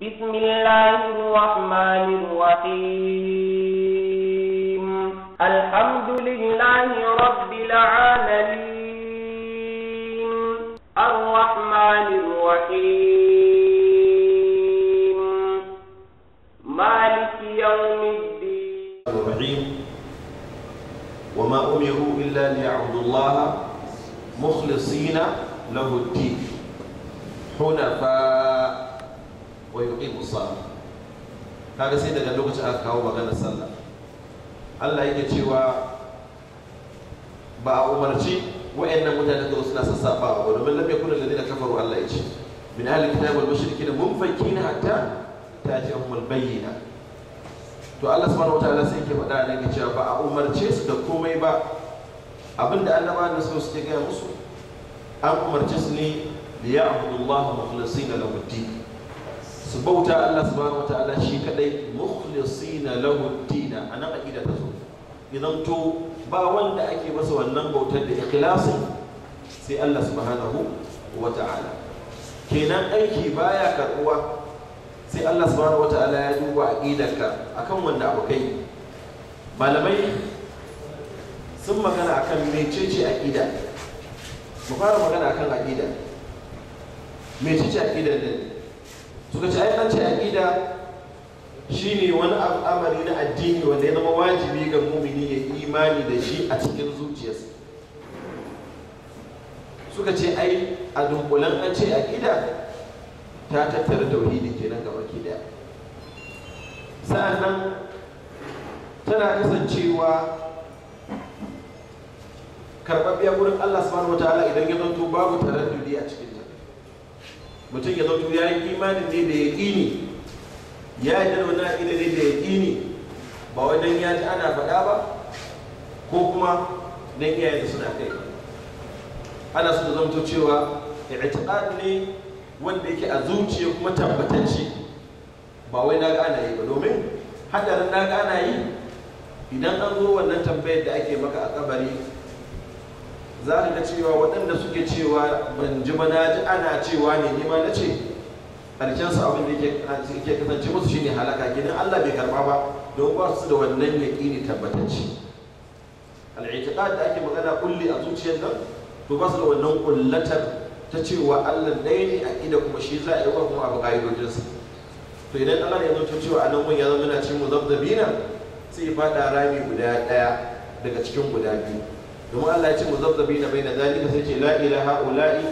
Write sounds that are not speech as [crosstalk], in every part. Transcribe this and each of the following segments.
بسم الله الرحمن الرحيم الحمد لله رب العالمين الرحمن الرحيم مالك يوم الدين وما أمروا إلا ليعبدوا الله مخلصين له الدين حنفاء wa yuqimu salat kaga sai daga lokacin aka kawo maganar sallah Allah yake cewa ba a umarci wa'annan mutane da suna sassafa ba domin lam yakun da kafaru Allah ya ce min ahli kitab wal mushrikin munfakin hatta tajihum al bayyina to Allah subhanahu wataala sai yake faɗa ne cewa ba a umarce su da komai ba abinda annabawan da suke gaya musu an umarce su ne liya'budu Allah mukhlisina lahu ad-din su bauta Allah wata wataala shi kadai na lahu a nan aqida ta so idan to ba wanda ake masa wannan bautar da ikhlasin sai Allah Su subhanahu wataala kenan aiki baya karɓuwa sai Allah Su wata wataala ya duba a kan wanda abu kai malamai sun magana akan mecece aƙida. mu fara magana akan aqida mecece da ne. suka ce ai ce aqida shine wani al'amari na addini wanda ya zama wajibi ga mumini ya imani da shi a cikin zuciyarsa suka ce ai a dunkulan an ce ƙida ta tattara tauhidi kenan gaba ƙida? daya sa'annan tana kasancewa karɓaɓɓiya wurin Allah subhanahu Ta'ala idan ya zanto babu tarar a cikin mutum ya zautu ya yi imanin ne da ya ƙini ya yi dalwa na ne da ya ƙini ba wajen ya ji ana faɗa ba ko kuma na iyayen da suna kai ana su da zamto cewa i'tiqad ne wanda yake a zuciya kuma tabbatacce ba wai na ga ana yi ba domin hadarin na ga ana yi idan an zo wannan tambayar da ake maka a kabari za a ga cewa waɗanda suke cewa ban ji ji ana cewa ne ni ma na ce karshen su abin da yake kasance musu shine halaka gidan Allah bai karba ba don ba su da wannan yaqini tabbatacce al-i'tiqad da ake magana kulle a zuciyar nan to ba su da wannan kullatar ta cewa Allah ɗaya ne a ida kuma shi za a yi kuma abu ka'idojinsa to idan Allah ya zanto cewa anan mun ya zama na cin mu zabzabina sai ya faɗa rami guda ɗaya daga cikin guda biyu domin Allah ya ce muzabzabi na bai na zalika sai ce la ilaha ula'i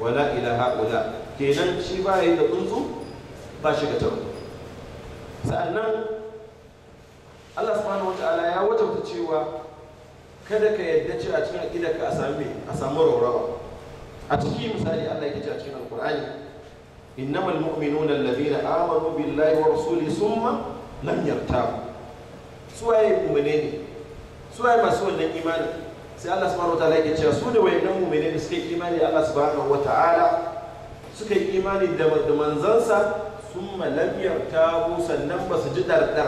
wa la ilaha ula kenan shi ba yi da tsuntsu ba shi ga tabbata sa'annan Allah subhanahu wata'ala ya wajabta cewa kada ka yadda cewa cikin ka a sami a samu raurawa a cikin misali Allah ya ce a cikin alqur'ani innamal mu'minuna alladhina amanu billahi wa rasuli summa lam yartabu suwaye mu'mine ne suwaye masu wannan imanin sai Allah subhanahu wataala yake cewa su da wayannan mu'mini da suka yi imani da Allah subhanahu wataala suka yi imani da manzansa sun malamiyar tabu sannan ba su ji dardar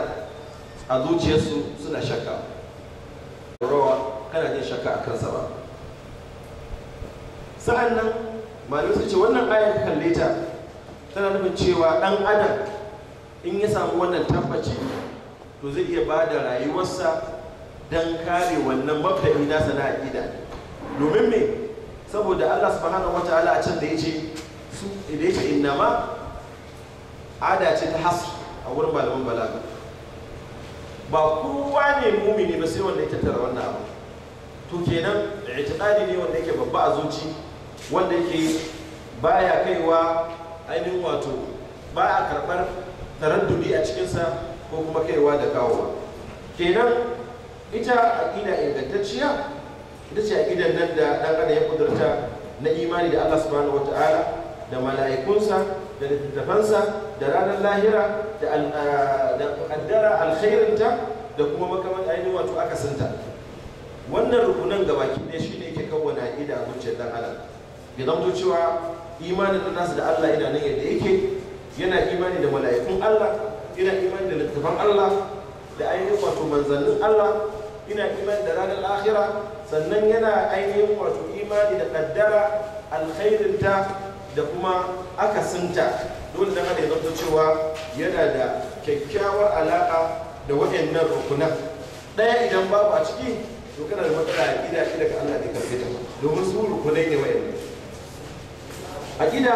a zuciyarsu suna shakka rawa kana jin shakka a kansa ba sa'an nan su ce wannan ayar kalle tana nufin cewa ɗan adam in ya samu wannan tabbaci to zai iya ba da rayuwarsa don kare wannan mabda'i nasa na gida domin me saboda Allah subhanahu wataala a can da yace su da yace innama ada ce ta hasu a wurin malaman balaga ba kowa ne mumini ba sai wanda ya tattara wannan abu to kenan i'tiqadi ne wanda yake babba a zuci wanda yake baya kaiwa ainihin wato ba a karɓar taraddudi a cikinsa ko kuma kaiwa da kawowa kenan ita aƙida ingantacciya ita ce aƙidan nan da ɗan adam ya kudurta na imani da Allah subhanahu ta'ala da mala'ikunsa da littattafansa da ranar lahira da ƙaddara alkhairinta da kuma makamar ainihin wato akasinta wannan rukunan baki ne shi ne ke kawwana aƙida a zuciyar ɗan adam ya zamto cewa imanin da nasu da Allah yana nan yadda yake yana imani da mala'ikun Allah yana imani da littattafan Allah da ainihin wato manzannin Allah ina iman da ranar akhira sannan yana ainihin wato imani da kaddara alkhairinta da kuma akasinta dole da ya zanto cewa yana da kyakkyawar alaka da waɗannan rukunan ɗaya idan babu a ciki to kana da matsala a gida shi daga Allah ne karfe ta domin su rukunai ne waɗannan a gida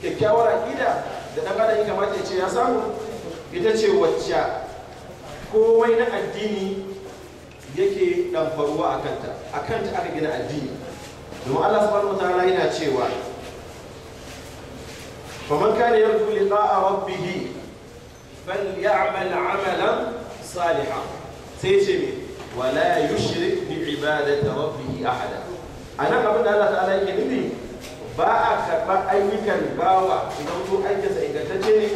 kyakkyawar a gida da ɗan adam ya kamata ya ce ya samu ita ce wacce komai na addini yake damfaruwa a kanta a kanta aka gina addini domin Allah subhanahu ta'ala yana cewa faman kana yarju liqa'a rabbih falyamal amalan salihan sai ce me wala yushrik bi ibadati rabbih ahada anan abin da Allah ta'ala yake nufi ba a karɓar ayyukan bawa idan to aikinsa ingantacce ne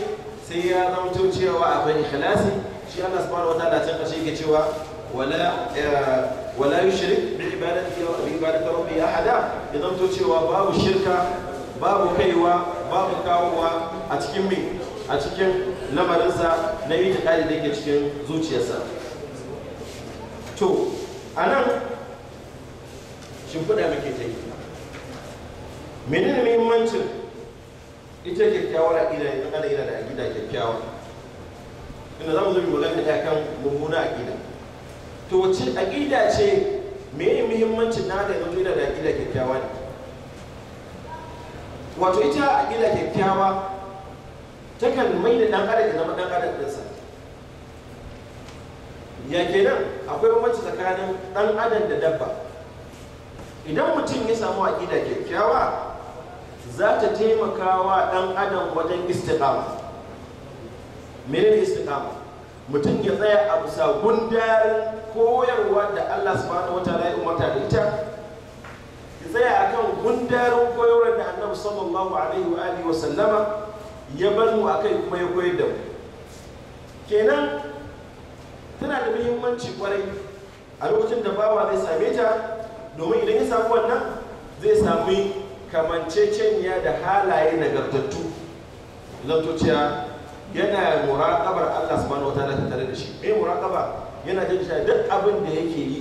sai ya zama cewa akwai ikhlasi shi Allah subhanahu wataala can kashe yake cewa wala wala yushrik bi ibadati bi ibadati rabbi ahada idan to cewa babu shirka babu kaiwa babu kawowa a cikin mai na yi tikadi da ke cikin zuciyarsa to anan shimfiɗa muke ta yi menene muhimmancin ita kyakkyawar aƙida idan ana yana da aƙida kyakkyawa inda za mu zo mu magana akan mummuna aƙida to wace aƙida ce me yi muhimmanci na da yanzu da aƙida kyakkyawa ne wato ita aƙida kyakkyawa takan mai da ɗan adam ya zama ɗan adam ɗinsa ya kenan akwai bambanci tsakanin ɗan adam da dabba idan mutum ya samu aƙida kyakkyawa za ta taimaka wa ɗan adam wajen istiqama menene istiqama mutum ya tsaya a bisa gundarin koyarwa da Allah subhanahu wataala ya umarta da ita ki tsaya akan gundarin koyarwa da Annabi sallallahu alaihi wa alihi wa sallama ya bar mu akai kuma ya koyar da mu kenan tana da muhimmanci kwarai a lokacin da bawa zai same ta domin idan ya samu wannan zai sami ya da halaye nagartattu zanto cewa yana muraƙabar Allah subhanahu wataala tare da shi eh muraƙaba yana jin cewa duk abin da yake yi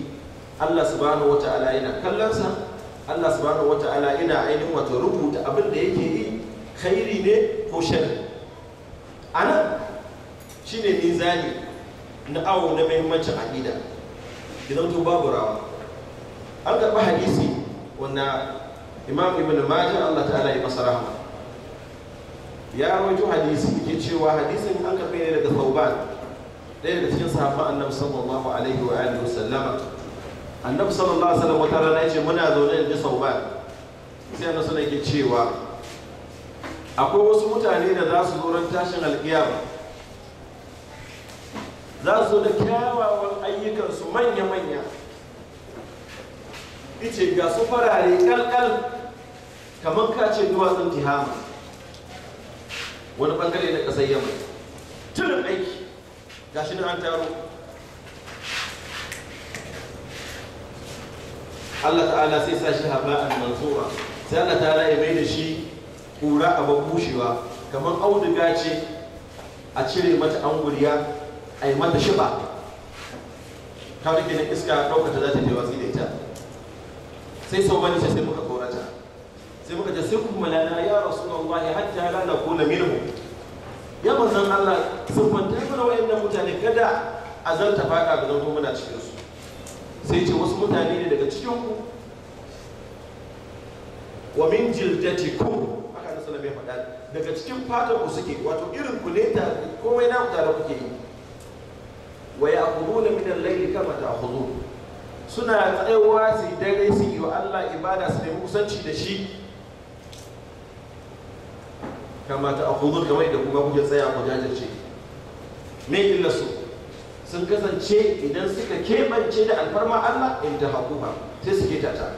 Allah subhanahu wata'ala yana kallonsa Allah subhanahu wata'ala yana ainihin wato rubuta abin da yake yi khairi ne ko shari anan shine mizani na awo na muhimmancin aqida idan to babu rawa an karɓi hadisi wanda imam ibn majin Allah ta'ala ya masa rahama ya rawaito hadisi ke cewa hadisin an karɓe ne daga Sa'uban. ɗaya da cikin sahabban annabi sallallahu alaihi wa alihi wasallama annabi sallallahu alaihi wasallam wata rana yace muna zaune da sau sai annabi sallallahu yake cewa akwai wasu mutane da za su zo ran tashin alkiyama za su zo da kyawawan ayyukansu manya-manya yace ga su farare kalkal kamar ka ce duwatsun tihama wani bangare na kasar yamma tunan aiki gashi nan an taro Allah ta'ala sai sa shi a mansura sai Allah ta'ala ya maida da shi kura a bushewa kamar auduga ce a cire mata guriya a yi mata shiba ta rike na iska ɗaukata za ta je watsi da ita sai sau bani sai muka korata sai muka ce sai kuma lana ya rasu hatta la nakuna minhum ya manzon Allah siffanta ya mana wayannan mutane kada a zarta fada ga zanto muna cikin su sai ce wasu mutane ne daga cikin ku wa min jildatikum haka na sallama ya faɗa daga cikin fatan ku suke wato irin ku ne ta komai na ku tare kuke yi wa kuru da al laili kama ta ta'khudun suna tsayawa su dare su yi wa Allah ibada su nemi kusanci da shi Kamata a akhudhu kamar da kuma kuke tsaya ku jajirce me illa su sun kasance idan suka kebance da alfarma Allah in ta hakuma sai suke tata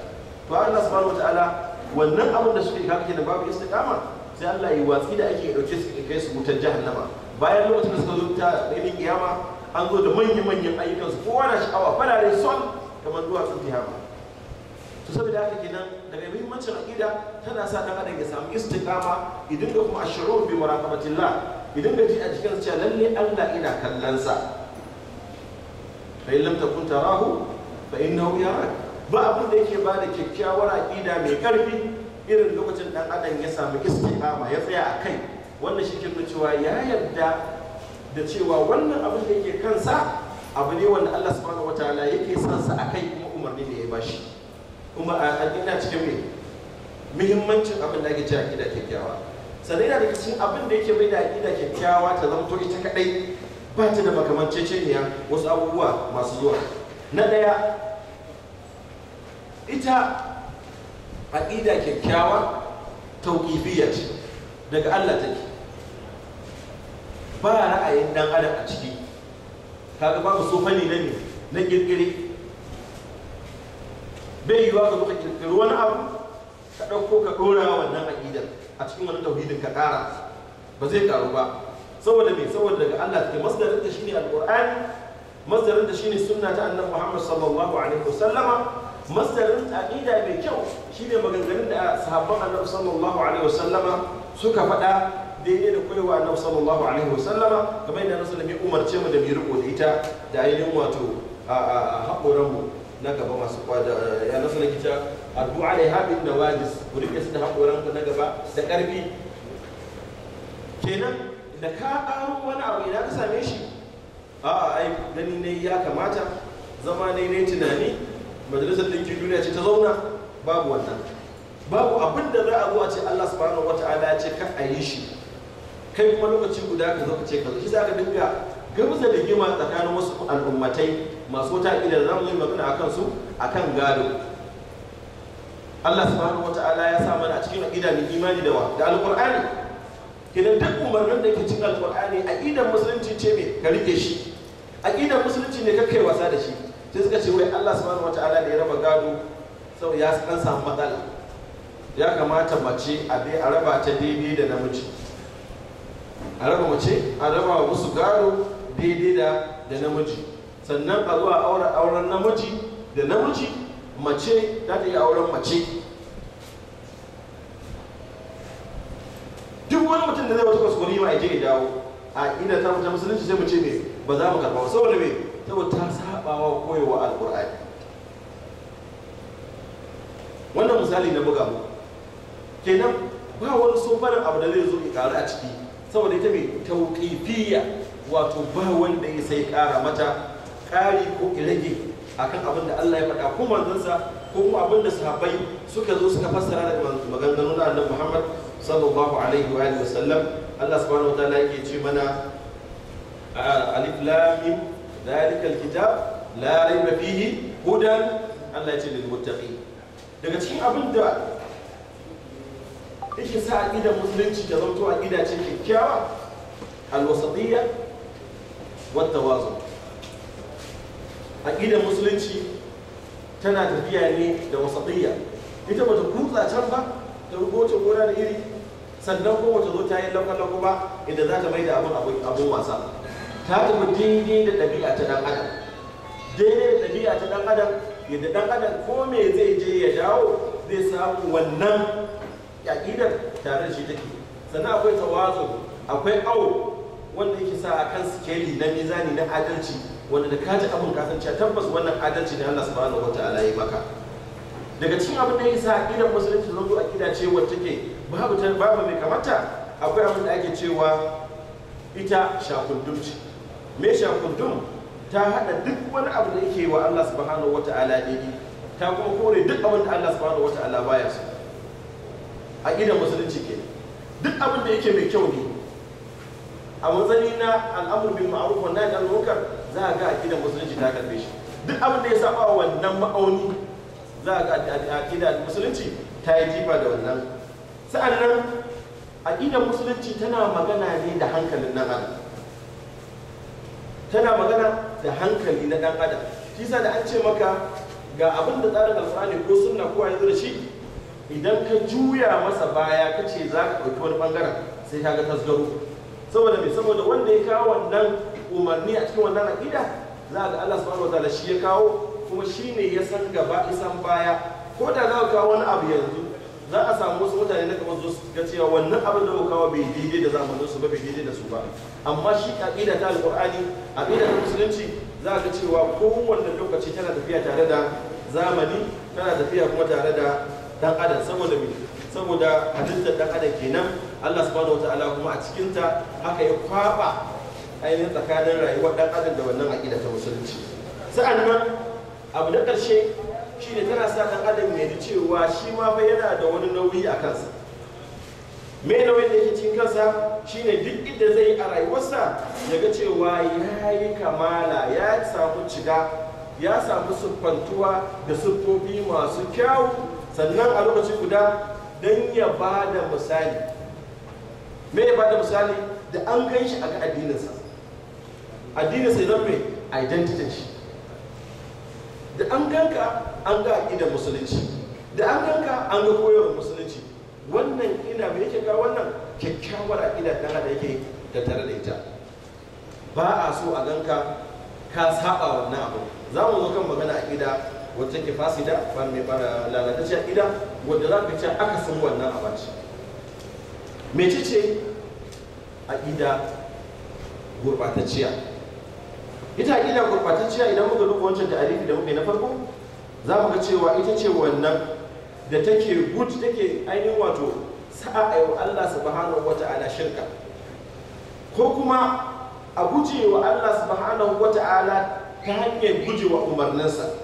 to Allah subhanahu wataala wannan abin da suke kake da babu istiqama sai Allah yi watsi da ake dauke su kai su mutan jahannama bayan lokacin da suka zo ta rainin kiyama an zo da manyan manyan ayyukan su kowa na sha'awa farare son kamar duwatsun kiyama to saboda haka kenan daga muhimmancin aqida tana sa ɗan adam ya samu istiqama idan da kuma ashurur bi muraqabatillah idan da ji a cikin cewa lalle Allah ina kallon sa fa in lam takun tarahu fa innahu yarak ba abin da yake bada kyakkyawar aƙida mai karfi irin lokacin ɗan adam ya samu istiqama ya tsaya a kai wannan shi ke cewa ya yarda da cewa wannan abin da yake kansa abu ne wanda Allah subhanahu wataala yake sansa a akai kuma umarni da ya bashi kuma ina cikin mai muhimmancin abin da ake ce aƙida kyakkyawa sannan yana da cikin abin da yake mai da aƙida kyakkyawa ta zamto ita kaɗai ba ta da makamanceceniya wasu abubuwa masu zuwa na ɗaya ita aƙida kyakkyawa tauƙifiyya ce daga Allah take ba ra'ayin ɗan adam a ciki kaga babu su fani na ne na ƙirƙiri bai yiwa ka zo ka kirkiri wani abu ka ɗauko ka ɗora wannan aƙidar a cikin wani tauhidin ka ƙara ba zai ƙaru ba saboda me saboda daga Allah take masdarin ta shine alqur'ani masdarin ta shine sunna ta annabi Muhammad sallallahu alaihi wasallama masdarin aqida mai kyau shine maganganun da sahabban annabi sallallahu alaihi wasallama suka faɗa daidai da koyewa annabi sallallahu alaihi wasallama kamar yadda annabi umarce mu da mu riko da ita da ainihin wato a haƙoran mu na gaba masu kwada eh, ya nasu na kica ardu haɗin da wajis ku rike su da hakoran ku na gaba da ƙarfi. kenan da ka karo wani abu idan ka same shi a ai gani ne ya kamata zama ne ne tunani majalisar ɗinkin duniya ce ta zauna babu wannan babu abin da za a zuwa ce Allah subhanahu wata'ala ya ce ka a yi shi kai kuma lokaci guda ka zo ka ce ka zo shi za ka dinga gamsa da gima tsakanin wasu al'ummatai masu wata aƙida za mu yi magana a kansu a kan gado Allah subhanahu wa ta'ala ya sa mana a cikin aƙida mai imani da wa da alƙur'ani kidan duk umarnin da ke cikin alƙur'ani aƙidar musulunci ce mai ka rike shi aƙidar musulunci ne ka kai wasa da shi sai suka ce wai Allah subhanahu wa ta'ala da ya raba gado sau ya kan samu matsala ya kamata mace a bai a raba ta daidai da namiji a raba mace a raba musu gado daidai da namiji sannan a zuwa aure auren namiji da namiji mace za ta yi auren mace duk wani mutum da zai wata kuskure ma a je ya dawo a ina ta fita musulunci sai mace ce me ba za mu karɓa saboda me saboda ta sabawa koyewa alƙur'ani wannan misali na buga mu kenan ba wani sofarin abu da zai zo ya karu a ciki saboda ita mai tauƙifiyya wato ba wanda ya sai ƙara mata ƙari ko rage akan abin da Allah ya faɗa ko manzansa ko kuma abin da sahabbai suka zo suka fassara daga maganganun annabi Muhammad sallallahu alaihi wa alihi wasallam Allah subhanahu wa ta'ala yake ce mana alif lam mim zalikal kitab la raiba fihi hudan Allah ya ce lil muttaqin daga cikin abin da yake sa aqida musulunci ta zanto aqida ce kikkiawa al-wasatiyya wa tawazun aƙidar musulunci tana tafiya ne da wasaɗiyya ita bata kutsa can ba ta rubuce gona da iri sannan kuma ta zo ta yi lankwalon ba inda za ta mai da abin abin wasa ta tafi daidai da ɗabi'a ta ɗan adam daidai da ɗabi'a ta ɗan adam yadda ɗan adam ko me zai je ya dawo zai samu wannan aƙidar tare da shi take sannan akwai tawazu akwai awo wanda yake sa a kan sikeli na mizani na adalci wanda da kaji abin kasance tabbas wannan adalci ne Allah subhanahu wataala ya maka daga cikin abin da ya sa idan musulunci zo a ƙida ce wacce ke babu babu mai kamata akwai abin da ake cewa ita shakundum ce me shakundum ta haɗa duk wani abu da yake wa Allah subhanahu wataala daidai ta kuma kore duk abin da Allah subhanahu wataala baya so idan musulunci ke duk abin da yake mai kyau ne a matsani na al'amur bil ma'ruf wa nahy anil munkar za a ga akidar musulunci ta karbe shi duk abin da ya saba wannan ma'auni za a ga akidar musulunci ta yi jifa da wannan sa'annan akidar musulunci tana magana ne da hankalin nan adam tana magana da hankali na dan adam shi sa da an ce maka ga abin da tsarin alfahari ko sunna ko ya zura shi idan ka juya masa baya ka ce za ka ɗauki wani ɓangaren sai ka ga tasgaro saboda mai saboda wanda ya kawo wannan umarni a cikin wannan aƙida za ga Allah subhanahu wataala shi ya kawo kuma shi ne ya san gaba isan baya ko da za ka kawo wani abu yanzu za a samu wasu mutane na kamar su ga cewa wannan abin da ka kawo bai daidai da zamanin su ba bai daidai da su ba amma shi aqida ta alqur'ani aqida ta musulunci za ga cewa kowanne lokaci tana tafiya tare da zamani tana tafiya kuma tare da dan adam saboda me saboda da dan adam kenan Allah subhanahu wataala kuma a cikin ta aka ya kwaba ainihin tsakanin rayuwa dan adam da wannan aƙida ta musulunci sa'an nan abu na ƙarshe shine tana sa ɗan adam ya da cewa shi ma fa yana da wani nauyi a kansa Mai nauyin da yake cikin kansa shine duk inda zai a rayuwarsa ya ga cewa ya yi kamala ya samu ciga ya samu siffantuwa da siffofi masu kyawu sannan a lokaci guda don ya ba da misali me ya ba da misali da an gan shi a ga addininsa addinin sai zan mai identity shi da an ganka an ga idan musulunci da an ganka an ga koyarwar musulunci wannan ina mai yake kawo wannan kyakkyawar aƙida dan da yake tattare da ita ba a so a ganka ka saba wannan abu za mu zo kan magana aƙida wacce ke fasida ba mai fara lalatacce aƙida wanda za ka ce aka san wannan abaci mece ce aƙida gurɓatacciya ita aƙida gurɓatacciya idan muka duba wancan alifi da muka na farko za mu ga cewa ita ce wannan da take gud take ainihin wato sa'a wa Allah subhanahu wata'ala shirka ko kuma a gujewa wa Allah subhanahu wata'ala ta hanyar gujewa umarninsa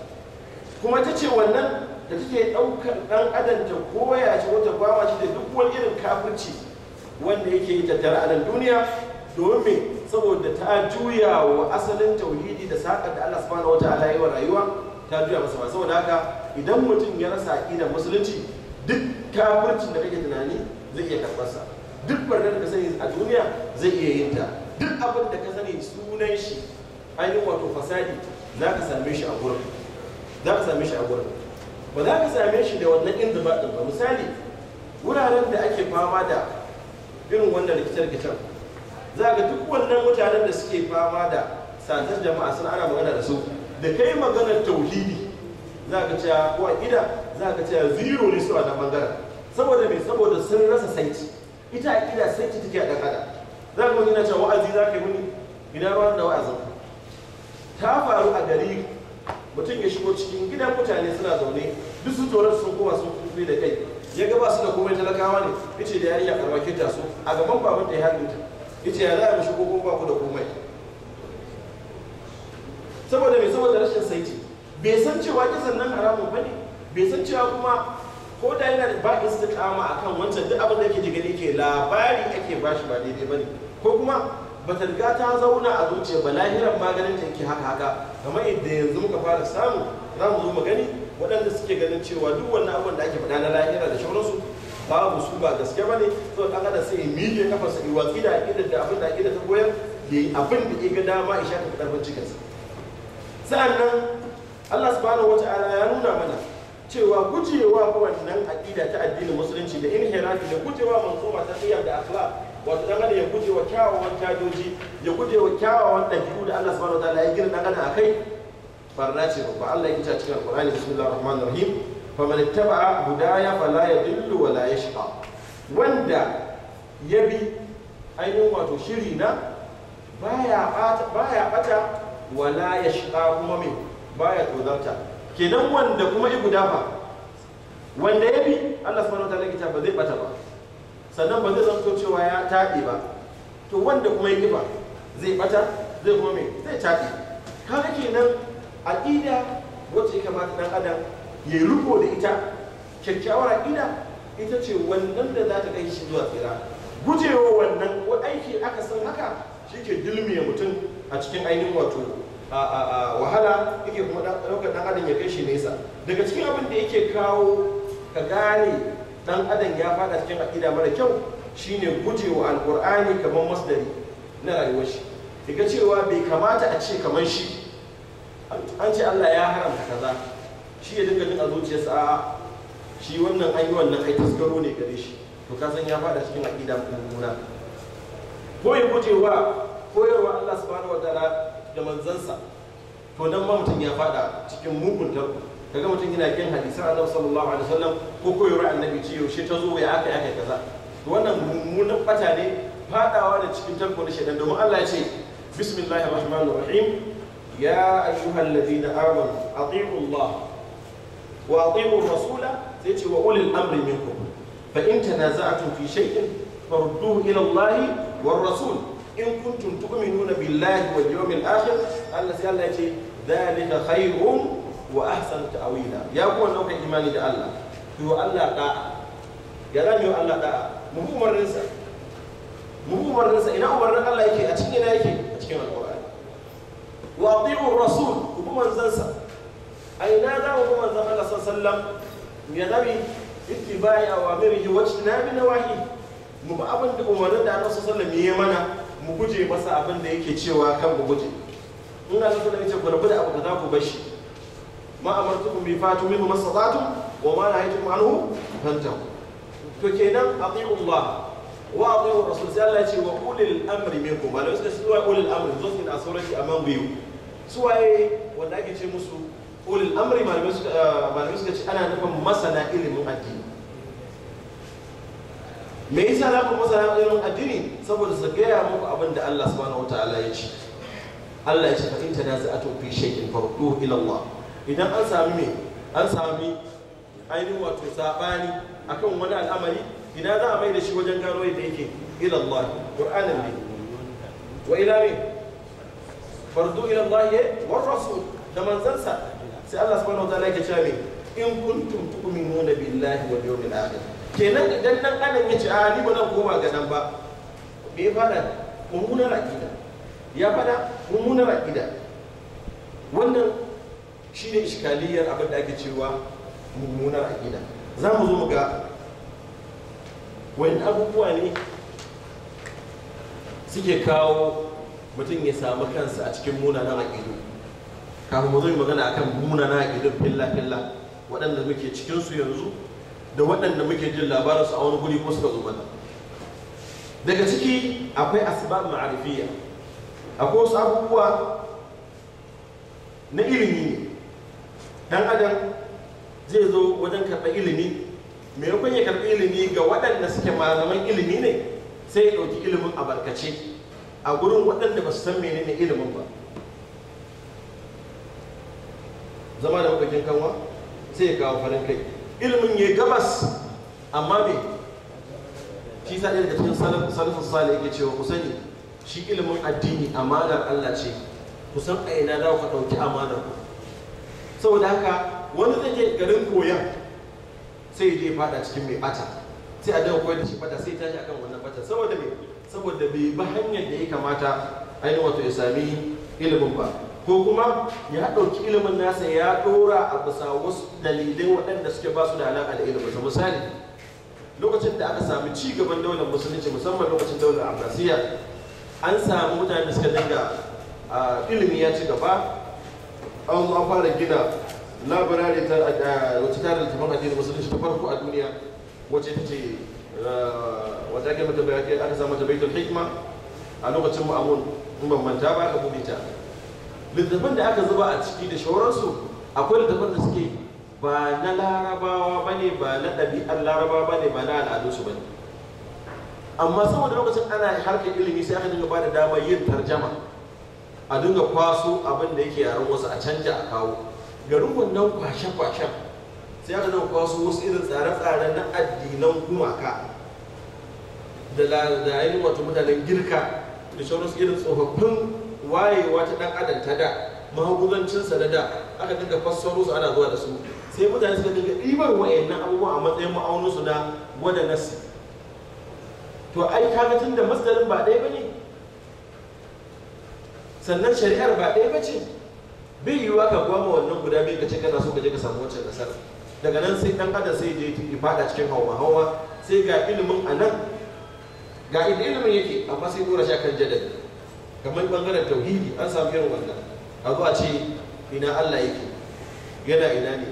kuma ta ce wannan da take ɗaukar ɗan adam ta goya ce wata gwama shi da duk wani irin kafirci wanda yake yi tattara a duniya domin saboda ta juya wa asalin tauhidi da saƙar da Allah subhanahu wataala ya yi wa rayuwa ta juya masa ba saboda haka idan mutum ya rasa aqidar musulunci duk kafircin da kake tunani zai iya karbarsa duk barnar da ka sani a duniya zai iya yin ta duk abin da ka sani sunan shi ainihin wato fasadi za ka same shi a gurin za ka same shi a gurin ba za ka same shi da wannan inda ba misali wuraren da ake fama da irin wannan rikice-rikicen za ga duk wannan mutanen da suke fama da satar jama'a sun ana magana da su da kai maganar tauhidi za ka cewa ko ida za ka cewa zero ne su a nan bangaren saboda me saboda sun rasa saiti ita ida saiti take a dan za ka wani na cewa wa'azi za ka yi wani ina ruwan da wa'azin ta faru a gari mutum ya shigo cikin gidan mutane suna zaune duk su tsoron sun koma sun kufi da kai ya ga ba su da komai talakawa ne ce da yarinya karwa kinta su a gaban baban da ya hannu ta yace ya za mu shigo ko ba ku da komai saboda mai saboda rashin saiti bai san cewa kisan nan haramun ba ne bai san cewa kuma ko da yana da ba istiqama akan wancan duk abin da yake jiga yake labari ake bashi ba daidai ba ne ko kuma ba ta riga ta zauna a zuciya ba lahiran maganin ta yake haka haka kamar yadda yanzu muka fara samu za mu zo mu gani waɗanda suke ganin cewa duk wannan abin da ake faɗa na lahira da shauransu babu su ba gaske bane to dan adam sai ya miƙe kafarsa ya watsi da aqidar da abin da aqidar ta koyar da abin da ke ga isha ta shafa karfin cikin sa sa'annan Allah subhanahu wata'ala ya nuna mana cewa gujewa wannan aqida ta addinin musulunci da inhirafi da gujewa manzuma ta tsiyar da akhlaq wato dan adam ya gujewa kyawawan tajoji ya gujewa kyawawan dabi'u da Allah subhanahu wata'ala ya gina dan akai barna ce babba Allah ya kita cikin alqur'ani bismillahir rahmanir rahim faman ittaba'a hudaya fala yadillu wala yashqa wanda ya bi ainihin wato shiri na baya bata wala yashqa kuma me baya tozarta kenan wanda kuma i guda ba wanda ya bi Allah subhanahu wataala kita ba zai bata ba sannan ba zai zanto cewa ya taɓe ba to wanda kuma ya kifa zai bata zai kuma me zai taɓe kaga kenan aqida wacce ya kamata dan adam ya yi riko da ita kyakkyawar aƙida ita ce wannan da za ta kai shi zuwa tsira gujewa wannan ko aiki aka san haka shi ke dilmiya mutum a cikin ainihin wato wahala yake kuma ɗaukar ɗan adam ya kai shi nesa daga cikin abin da yake kawo ka gane ɗan adam ya faɗa cikin aƙida mara kyau shine gujewa alƙur'ani kamar masdari na rayuwar shi daga cewa bai kamata a ce kamar shi an ce Allah ya haramta kaza shi ya dinga jin a zuciyarsa a shi wannan ayyuan na kai ai taskaro ne gare shi to ka san ya fada cikin aqida mummuna ko ya guje wa koyarwa Allah subhanahu wataala da manzansa to nan ma mutum ya fada cikin mugun tarko kaga mutum yana kin hadisan Allah sallallahu alaihi wasallam ko koyarwa annabi ce yaushe ta zo ya aka aka kaza to wannan mummunan bata ne fadawa da cikin tarko da shedan domin Allah ya ce bismillahir rahmanir rahim ya ayyuhal ladina amanu atiiu Allah wa atiyu rasula sai ce ulil amri minkum fa in tanaza'tum fi shay'in farduhu ila Allah war rasul in kuntum tu'minuna billahi wal yawmil akhir Allah sai Allah ya ce dhalika khairun wa ahsan ta'wila ya ku wannan kai imani da Allah to Allah da'a ya zamu Allah da'a mu umarnin sa ina umarnin Allah a cikin a cikin ku bi a ina za mu kuma zan Allah sallam ya nabi yake bayi a wamiri wacce na bi na wahi mu ba abin da umarnin da Allah sallam ya mana mu guje masa abin da yake cewa kan mu guje in Allah sallam yace gurbu da abu kaza ku bashi ma amartukum bi fatu min masadatun wa ma nahaytum anhu fantahu to kenan atiu Allah wa atiu rasul sai Allah ce wa ulil amri minkum malai suka ce wa ulil amri zo su da sauraci amman biyu suwaye wanda ake ce musu ulil amri eh, malamai suka ce ana nufin masana ilimin addini me yasa na ku masana ilimin addini saboda su gaya muku abin da Allah subhanahu wataala ya ce Allah ya ce fa in tanaza'atu fi shay'in farduhu ila Allah idan an sami me an sami ainihin wato sabani akan wani al'amari idan za a mai da shi wajen gano yadda yake ila Allah qur'anan ne wa ila me fardu ila Allah wa rasul da manzansa sai Allah subhanahu wataala yake cewa me in kuntum tu'minuna billahi wal yawmil akhir kenan idan nan anan yace a ni ba zan koma ga nan ba me ya fada mummunar aqida ya fada mummuna aqida wannan shine iskaliyar abin da ake cewa mummuna aqida za mu zo mu ga wani abubuwa ne suke kawo mutum ya samu kansa a cikin munanan aƙidu kafin mu zo magana akan munana gidan filla filla waɗanda muke cikin yanzu da waɗanda muke jin labarin su a wani guri ko suka zo mana daga ciki akwai asbab ma'arifiya akwai wasu abubuwa na ilimi ne dan adam zai zo wajen karɓa ilimi maimakon ya karɓi ilimi ga waɗanda suke malaman ilimi ne sai ya ɗauki ilimin a barkace a gurin waɗanda ba su san menene ilimin ba zama da makakin kanwa sai ya kawo farin kai ilimin ya gabas amma me shi sa ɗaya daga cikin salafin sale yake cewa ku sani shi ilimin addini amanar Allah ce ku san a ina za ku ɗauki amanar ku saboda haka wani zai garin koyan sai ya je fada cikin mai bata sai a dawo koyar da shi bata sai tashi akan wannan bata saboda me saboda bai bi hanyar da ya kamata ainihin wato ya sami ilimin ba ko kuma ya ɗauki ilimin nasa ya ɗora a bisa wasu dalilai waɗanda suke ba su da alaƙa da ilimin misali lokacin da aka sami ci gaban daular musulunci musamman lokacin daular abbasiyya an samu mutane da suka dinga ilimi ya ci gaba an zo fara gina labarari ta wace ta da jama'a addinin musulunci ta farko a duniya Wace ta ce wata ake mata bayani aka samu ta baitul hikma a lokacin mu'amun in bambanta ba ka buɗe ta littafin da aka zuba a ciki da shawararsu akwai littafin da suke ba na larabawa ba ne ba na ɗabi'ar larabawa ba ne ba na al'adunsu ba ne amma saboda lokacin ana harkar ilimi sai aka dinga ba da damar yin tarjama a dinga kwaso abin da yake yaren wasu a canja a kawo garin wannan kwashe-kwashen sai aka dinga kwaso wasu irin tsare-tsare na addinan gumaka da layin wato mutanen girka da shawararsu irin tsofaffin wayewa ta dan adam ta da mahaguzancinsa na da aka dinga fassaro su ana zuwa da su sai mutane suka dinga ɗibar wayannan abubuwa a matsayin su na gwada nasi to ai kaga tun da masdarin ba ɗaya bane sannan shari'ar ba ɗaya bace bai yiwuwa ka gwama wannan guda biyu ka ce kana so ka je ka samu wancan nasar daga nan sai dan adam sai je ya fada cikin hawa hawa sai ga ilimin a nan ga ilimin yake amma sai dora shi akan jadali kamar bangaren tauhidi an samu irin wannan a zuwa ce ina Allah yake yana ina ne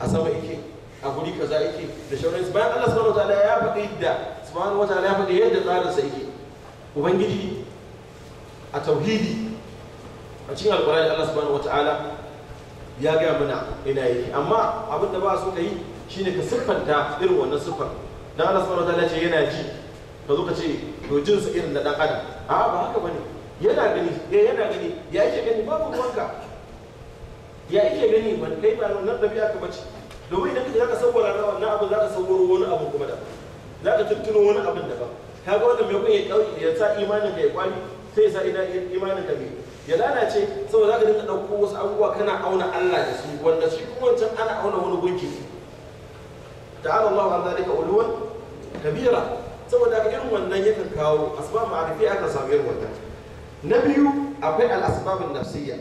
a sama yake a guri kaza yake da shauransu bayan Allah subhanahu wataala ya faɗi da subhanahu wataala ya faɗi yadda tsarinsa yake ubangiji a tauhidi a cikin alƙur'ani Allah subhanahu wataala ya gaya mana ina yake amma abin da ba su ka yi shine ka siffanta irin wannan siffar dan Allah subhanahu wataala ce yana ji ka zo ka ce to jinsa irin na dan adam a ba haka bane yana gani ya eh, yana gani ya yake gani babu wanka ya yake gani ban kai ba nan da biya ka bace domin idan ka ka saurara na wannan abu za ka wani abu kuma da. za ka tuntuno wani abin ba. ka ga wannan kun ya dauki ya sa imanin ka ya kwani sai ya sa ina imanin ka mai ya lalace saboda zaka dinka dauko ɗauko wasu abubuwa kana auna Allah da su wanda shi kuma wancan ana auna wani gunki ta'ala Allah an zalika uluwan kabira saboda irin wannan yakan kawo asbab ma'arifi akan samu irin wannan na biyu akwai al'asibabin nafsiyya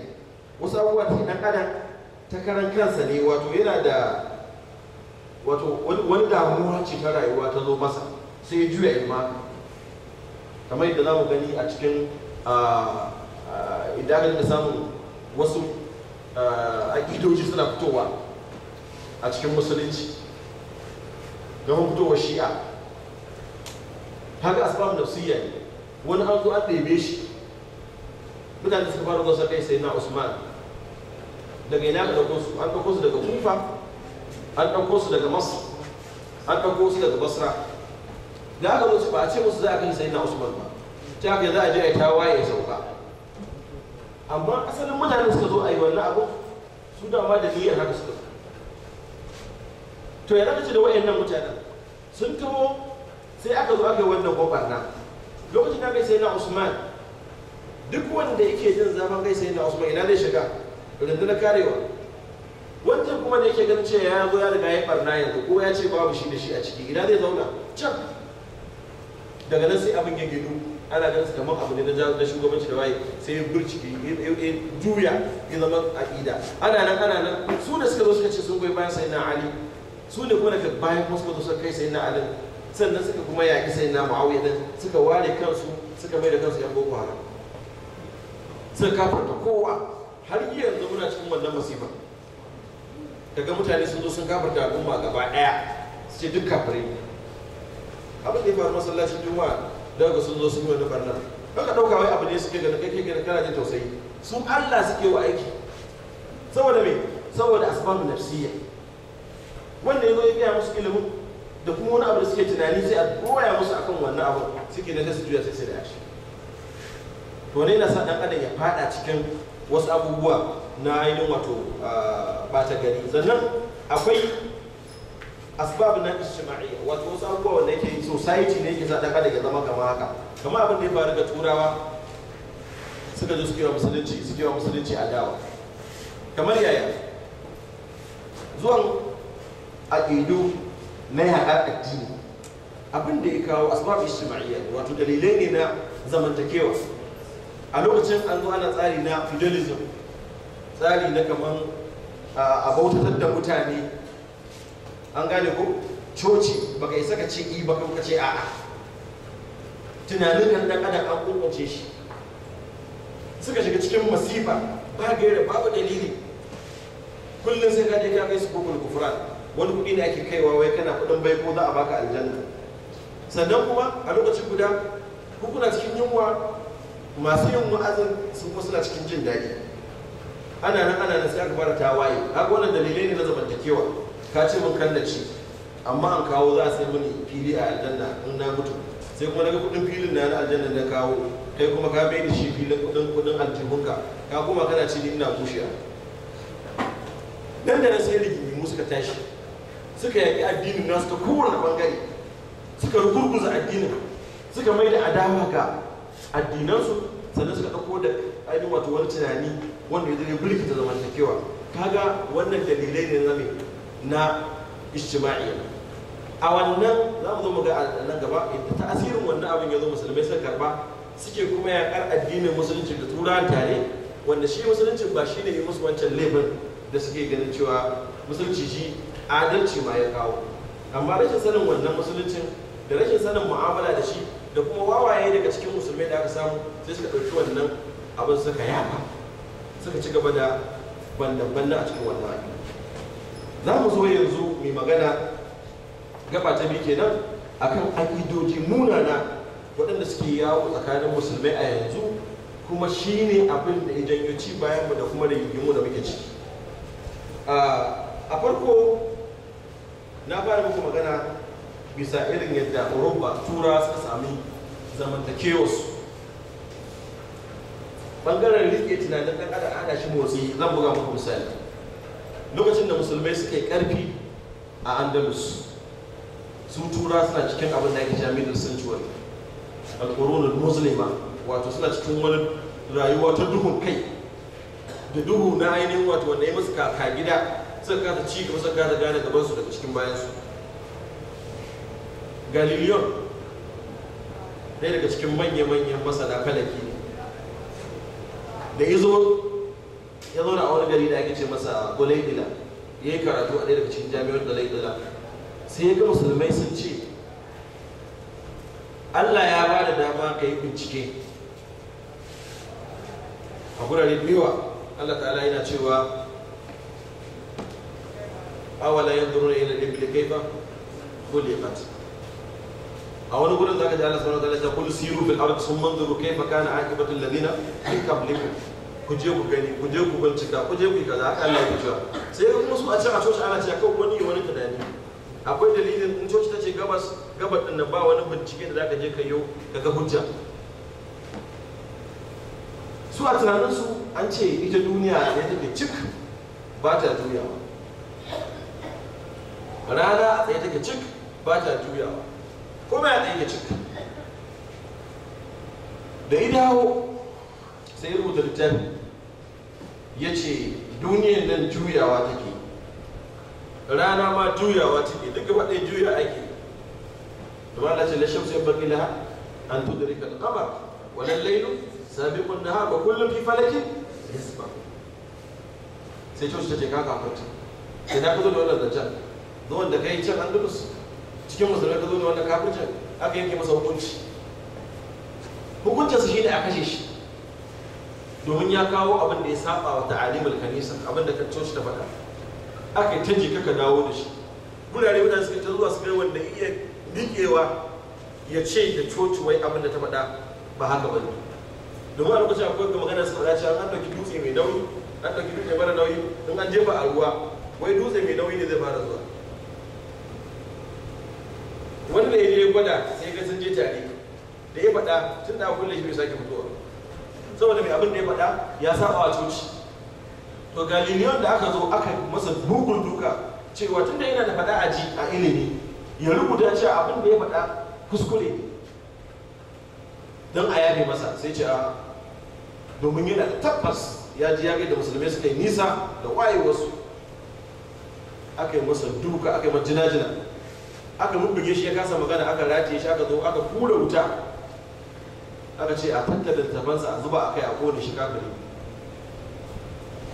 wasu abubuwa ta ɗan adam ta karan kansa ne wato yana da wato wani damuwa ce ta rayuwa ta zo masa sai ya juya ima kamar yadda za mu gani a cikin idanun da samun wasu akidoji suna fitowa a cikin musulunci gaban fitowar shi'a haka asibabin nafsiyya ne wani an zo an ɗebe shi mutane suka fara zuwa kai sai na usman daga ina ka ɗauko su an ɗauko su daga kufa an ɗauko su daga masu. an ɗauko su daga basra da aka musu ba a ce musu za a kai sai na usman ba ta haka za a je a yi tawaye ya sauka amma asalin mutane suka zo a yi wannan abu su dama da niyyar haka suka to ya zaka ce da wayannan mutanen sun taho sai aka zo aka yi wannan gobarna lokacin da kai sai na usman duk wanda yake jin zafin kai sai na usman ina zai shiga na karewa wancan kuma da yake ganin cewa ya zo ya riga ya barna yanzu ko ya ce babu shi da shi a ciki ina zai zauna can daga nan sai abin ya ana ganin su kamar abu ne na shugabanci da waye sai ya burciki ya juya ya zama aƙida ana nan ana nan su da suka zo suka ce sun goyi bayan sai na ali su ne kuma daga bayan wasu suka kai sai na ali sannan suka kuma yaƙi sai na muawiya din suka ware kansu suka mai da kansu yan boko haram suka kafarta kowa har yanzu muna cikin wannan masifa daga mutane sun zo sun kafarta al'umma gaba ɗaya su ce duk kafirai abin da ya faru masallacin juma'a daga sun zo sun yi wani barnar ka ɗauka wai abu ne suke ganin kake gani kana jin tausayi su Allah suke wa aiki saboda me saboda asbabun nafsiyya wanda ya zo ya gaya musu ilimin da kuma wani abu da suke tunani sai a goya musu akan wannan abu suke na su juya sai sai da ashi to ne na sa dan adam ya fada cikin wasu abubuwa na ainihin wato bata gari sannan akwai asbab na ishtima'iyya wato wasu abubuwa wanda yake society ne yake sa dan adam ya zama gama haka kama abin da ya faru ga turawa suka zo suke wa musulunci suke wa musulunci dawa kamar yaya zuwan aƙidu na yaƙar addini abin da ya kawo asbab ishtima'iyya wato dalilai ne na zamantakewa a lokacin an zo ana tsari na fidelism tsari na kamar a bautatar da mutane an gane ko coci baka isa ka ce i baka ka ce a'a tunanin kan dan adam an kokace shi suka shiga cikin masifa ba gaira babu dalili kullum sai ka je ka kai su kokul kufran wani kuɗi ne ake kaiwa wai kana kuɗin bai ko za a baka aljanna sannan kuma a lokacin guda kuna cikin yunwa masu yin wa'azin sun kuma suna cikin jin daɗi ana nan ana nan sai aka fara tawaye haka wannan dalilai ne na zamantakewa ka ce mun kallaci amma an kawo za a sai mini fili a aljanna in na mutu sai kuma daga kudin filin na aljanna na kawo kai kuma ka bai da shi filin kudin kudin aljihunka ka kuma kana ci ina bushiya nan da nan sai mu suka tashi suka yaƙi addinin nasu ta kowane bangare suka rugurguza addinin suka mai da adawa ga addinansu sannan suka ɗauko da ainihin wato wani tunani wanda ya zai bulki ta zamantakewa kaga wannan dalilai ne na na ishtima'i a wannan za mu zo mu ga nan gaba ta asirin wannan abin ya zo musulmai suka karba suke kuma yaƙar addinin musulunci da turan tare wanda shi musulunci ba shi ne musu wancan laifin da suke ganin cewa musulunci shi adalci ma ya kawo amma rashin sanin wannan musulunci da rashin sanin mu'amala da shi da kuma wawaye kuma da aka samu sai suka ɗauki wannan abin suka yafa suka ci gaba da bandan-bandan a cikin wannan abin za mu zo yanzu mai magana gaba ta bi kenan akan akidoji munana waɗanda suke yawo tsakanin musulmai a yanzu kuma shi ne abin da ya janyo ci bayan mu da kuma da yiwu da muke ci a farko na fara muku magana bisa irin yadda Europa tura suka sami zamantakewarsu bangaren rike tunanin ɗan adam ana shi motsi zan buga muku misali lokacin da musulmai suka yi ƙarfi a andalus su tura suna cikin abin da ake cewa middle century al-qurunul muslima wato suna cikin wani rayuwa ta duhun kai da duhu na ainihin wato wanda ya musu kaka gida suka kasa ci gaba suka kasa gane gaban su daga cikin bayan su galileo ɗaya daga cikin manya-manyan masana falaki ne da ya zo ya zo na a wani gari da ake ce masa gulaidila ya yi karatu a ɗaya daga cikin jami'ar gulaidila sai ya ga musulmai sun ce allah ya ba da dama ka yi bincike a gurare biyuwa allah ta'ala yana cewa awala yin yanzuruna ila kai ba ko khuliqat a wani za zaka ji Allah subhanahu wa ta'ala ya ce sun siru fil ardi thumma anzuru kayfa kana aqibatu alladhina min qablikum ku je ku gani ku je ku bincika ku je ku yi kaza haka Allah ya cewa sai ga kuma su a can a coci ana cewa kawai wani wani tunani akwai dalilin in coci ta ce gabas gabar din ba wani bincike da zaka je ka yi ka ga hujja su a tunanin su an ce ita duniya ya take cik ba ta juyawa rana tsaye take cik ba ta juyawa kuma ya tsaye cik da idawo sai rubuta littafi ya ce duniyar nan juyawa take rana ma juyawa take duk gaba ɗaya juya ake kuma Allah ce lashin sai baki laha an tudrika al-qamar wa al-laylu sabiqun nahar wa kullun fi falakin yasbah sai ce su ce ka kafarta sai da ka da wannan zancen zuwan da yi can andalus cikin musulmai ka zo da wannan kafircin aka yanke masa hukunci hukuncinsa shi ne a kashe shi domin ya kawo abin da ya saba wa ta'alimul kanisa abin da kaccoci ta faɗa aka yi ta jika ka dawo da shi gurare mutane suka ta zuwa su kai wanda iya miƙewa ya ce da coci wai abin da ta faɗa ba haka ba ne domin a lokacin akwai ga magana su faɗa cewa an ɗauki dutse mai nauyi an ɗauki dutse mara nauyi don an jefa a ruwa wai dutse mai nauyi ne zai fara zuwa wanda ya je gwada sai ga sun je tare da ya faɗa tun da kulle shi bai sake fitowa saboda mai abin da ya faɗa ya saba a coci to galileo da aka zo aka masa dukun duka cewa tun da yana da faɗa a ji a ilimi ya rubuta cewa abin da ya faɗa kuskure don a yafe masa sai ce a domin yana da tabbas ya ji ya da musulmai suka yi nisa da wayewarsu aka yi masa duka aka yi masa jina-jina aka bubbuge shi ya kasa magana aka rataye shi aka zo aka kura wuta aka ce a tattara tabansa a zuba a kai a kone shi kafin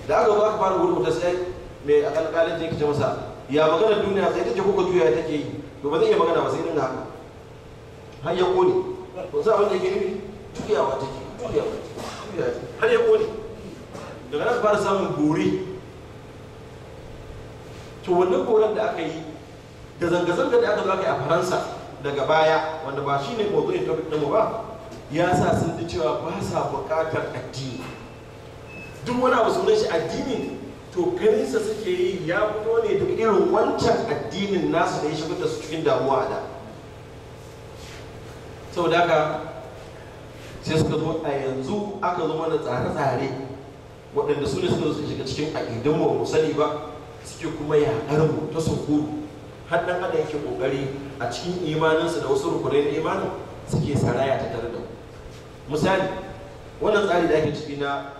da aka zo aka fara gurguta sai mai a kalkalin jinki ta masa ya magana duniya sai ta ce kuka juya take yi to ba zai iya magana ba sai dinga haka har ya kone to sai abin da yake nufi juyawa take juyawa take har ya kone daga nan fara samun gori to wannan koren da aka yi da zanga-zanga da aka zo aka yi a faransa daga baya wanda ba shi ne mazuyin topic ɗinmu ba ya sa sun ji cewa ba sa buƙatar addini duk wani abu sunan shi addini to ganinsa suke yi ya fito ne duk irin wancan addinin nasu da ya shigar da su cikin damuwa da Sau haka sai suka zo a yanzu aka zama mana tsare-tsare waɗanda su ne suka zo shiga cikin aƙidun mu mu sani ba suke kuma yaƙar mu ta sukuru har ɗan yake ƙoƙari a cikin imaninsu da wasu rukunai na imanin suke saraya ta tare da mu misali wannan tsari da ake ciki na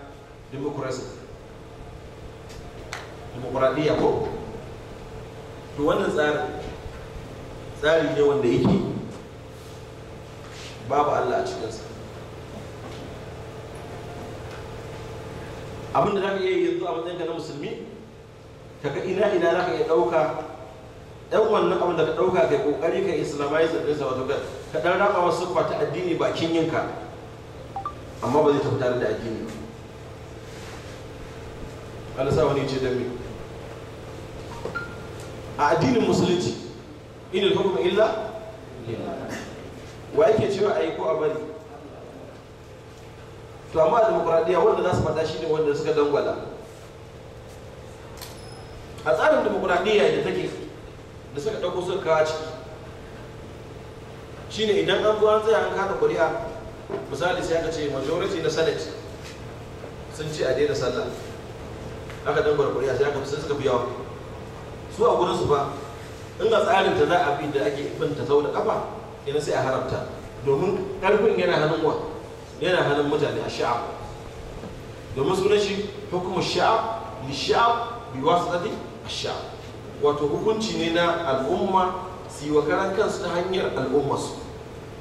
demokrasi demokradiyya ko to wannan tsari tsari ne wanda yake babu allah a cikinsa abin da za ka iya yanzu a matsayinka na musulmi ka ga ina ina za ka iya ɗauka ɗan wannan abin da ka ɗauka kai ƙoƙari ka islamai ɗinsa wato ka ɗan raba wasu kwata addini bakin yinka amma ba zai tafi tare da addini ba Allah sa wani ce dami a addinin musulunci inil hukum illa wa yake cewa a yi ko a bari to amma a demokuraɗiyya wanda za su fata shi ne wanda suka dangwala a tsarin demokuraɗiyya da take da suka ɗauko suka kawo ciki ne idan an zo an tsaya an kada kuri'a misali sai aka ce majority na senate sun ce a daina sallah aka dan gwargwariya sai aka sun suka fi yawa su a gurin su ba in ga tsarin ta za a bi da ake bin ta sau da kafa idan sai a haramta domin karfin yana hannun wa yana hannun mutane a sha'a domin sunan shi hukumar sha'a ni sha'a bi wasu zafi a sha'a wato hukunci ne na al'umma su yi wa karan kansu ta hanyar al'ummarsu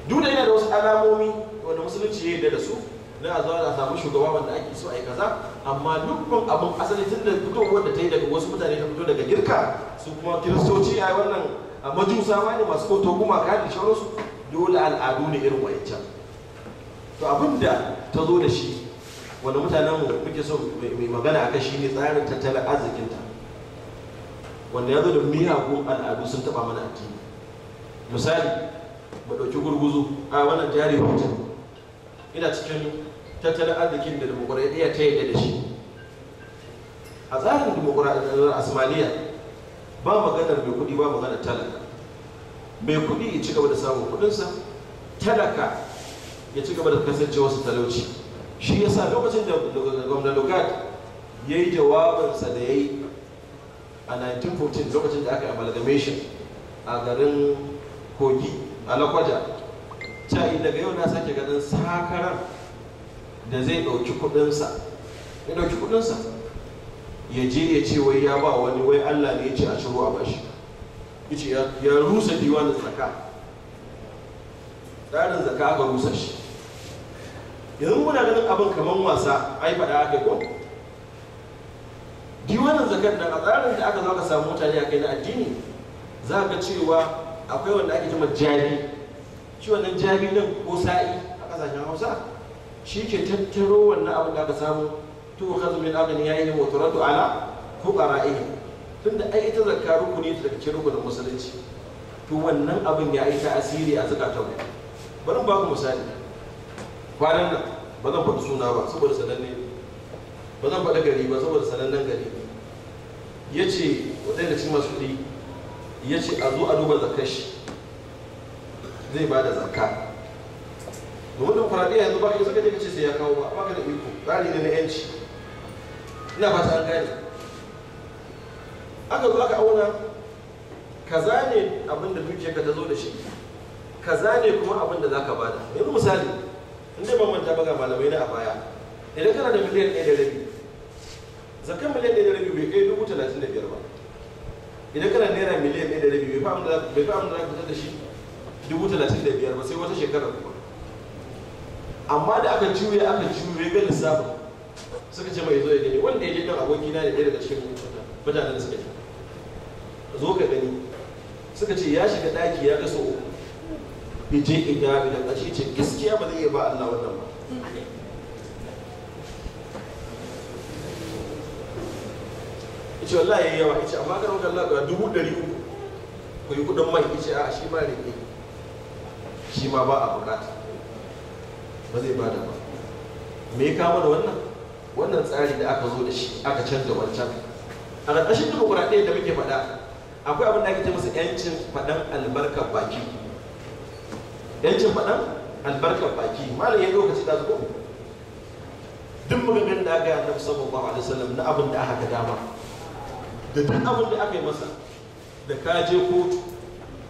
duk da yana da wasu alamomi wanda musulunci ya yarda da su na a zuwa samu shugaba wanda ake so a yi kaza amma dukkan abin asali tun da fitowar da ta yi daga wasu mutane ta fito daga girka su kuma kiristoci a wannan majusa ma ne masu koto kuma ka da shawararsu dole al'adu ne irin wa'ancan to abin da ta zo da shi wanda mutanen mu muke so mai magana a kashi ne tsarin tattalin arzikinta wanda ya zo da miyagun al'adu sun taba mana addini misali mu ɗauki gurguzu a wannan jari hujja ina cikin tattalin arzikin da dimokuraɗiyya ta yadda da shi a tsarin dimokuraɗiyyar asmaniya ba maganar mai kuɗi ba maganar talaka mai kuɗi ya ci gaba da samun kuɗinsa talaka ya ci gaba da kasance wasu talauci shi ya sa lokacin da gwamnan lugat ya yi jawabinsa da ya yi a 1914 lokacin da aka yi amalgamation a garin kogi alakwaja ta yi daga yau na sake ganin sakaran da zai ɗauki kuɗinsa ya ɗauki kudinsa ya je ya ce wai ya ba wani wai allah ne ya ce a ciro a bashi ya rusa diwanin zaka tsarin zaka aka rusa shi yanzu muna ganin abin kamar wasa ai faɗa aka ko diwanin zakar da a tsarin da aka zo aka samu mutane a kai na addini za ka cewa akwai wanda ake cewa jabi shi wannan jabi nan ko sa'i a kasashen hausa shi ke tattaro wannan abin da aka samu to kazu min abin ya yi motoratu ala ko ƙara'ihi tunda ai ita zakka rukuni ta daga cikin rukunin musulunci to wannan abin ya yi asiri a zakatan bari ba ku misali kwanan nan ba zan faɗi suna ba saboda sananne ba zan faɗi gari ba saboda sanannen gari ya ce waɗanda cin masu kuɗi ya ce a zo a duba zakar shi zai ba da zakka domin demokuraɗiyya yanzu ba ka yi suka ne ka ce sai ya kawo ba ba ka da iko tsari ne na yanci ina fata an gane aka zo aka auna kaza ne abin da dukiyarka ta zo da shi kaza ne kuma abin da za ka bada yanzu misali in dai ban manta ba ga malamai na a baya idan kana da miliyan ɗaya da rabi zakan miliyan ɗaya da rabi bai kai dubu talatin da biyar ba idan kana naira miliyan ɗaya da rabi bai fi da bai fi da da shi dubu talatin da biyar ba sai wata shekara kuma amma da aka juye aka juye ga lissafin suka ce mai zo ya gani wanda ya je kan abokina da ɗaya daga cikin mutanen da suka a zo ka gani suka ce ya shiga ɗaki ya ga sau uku in je ina bai da ƙarshe ce gaskiya ba zai iya ba Allah wannan ba ce wallahi yi yawa ce amma ga maka Allah ga dubu ɗari uku ku yi kuɗin mai ce a shi ma rike shi ma ba a bukata ba zai bada ba me ya kama da wannan wannan tsari da aka zo da shi aka canza wancan a ƙarƙashin ɗaya da muke faɗa akwai abin da ake ce masa yancin faɗan albarkar baki yancin faɗan albarkar baki malam ya lokaci da zuwa duk maganganun da aka yi annabi sallallahu alaihi wasallam na abin da aka dama da duk abin da aka yi masa da ka je kotu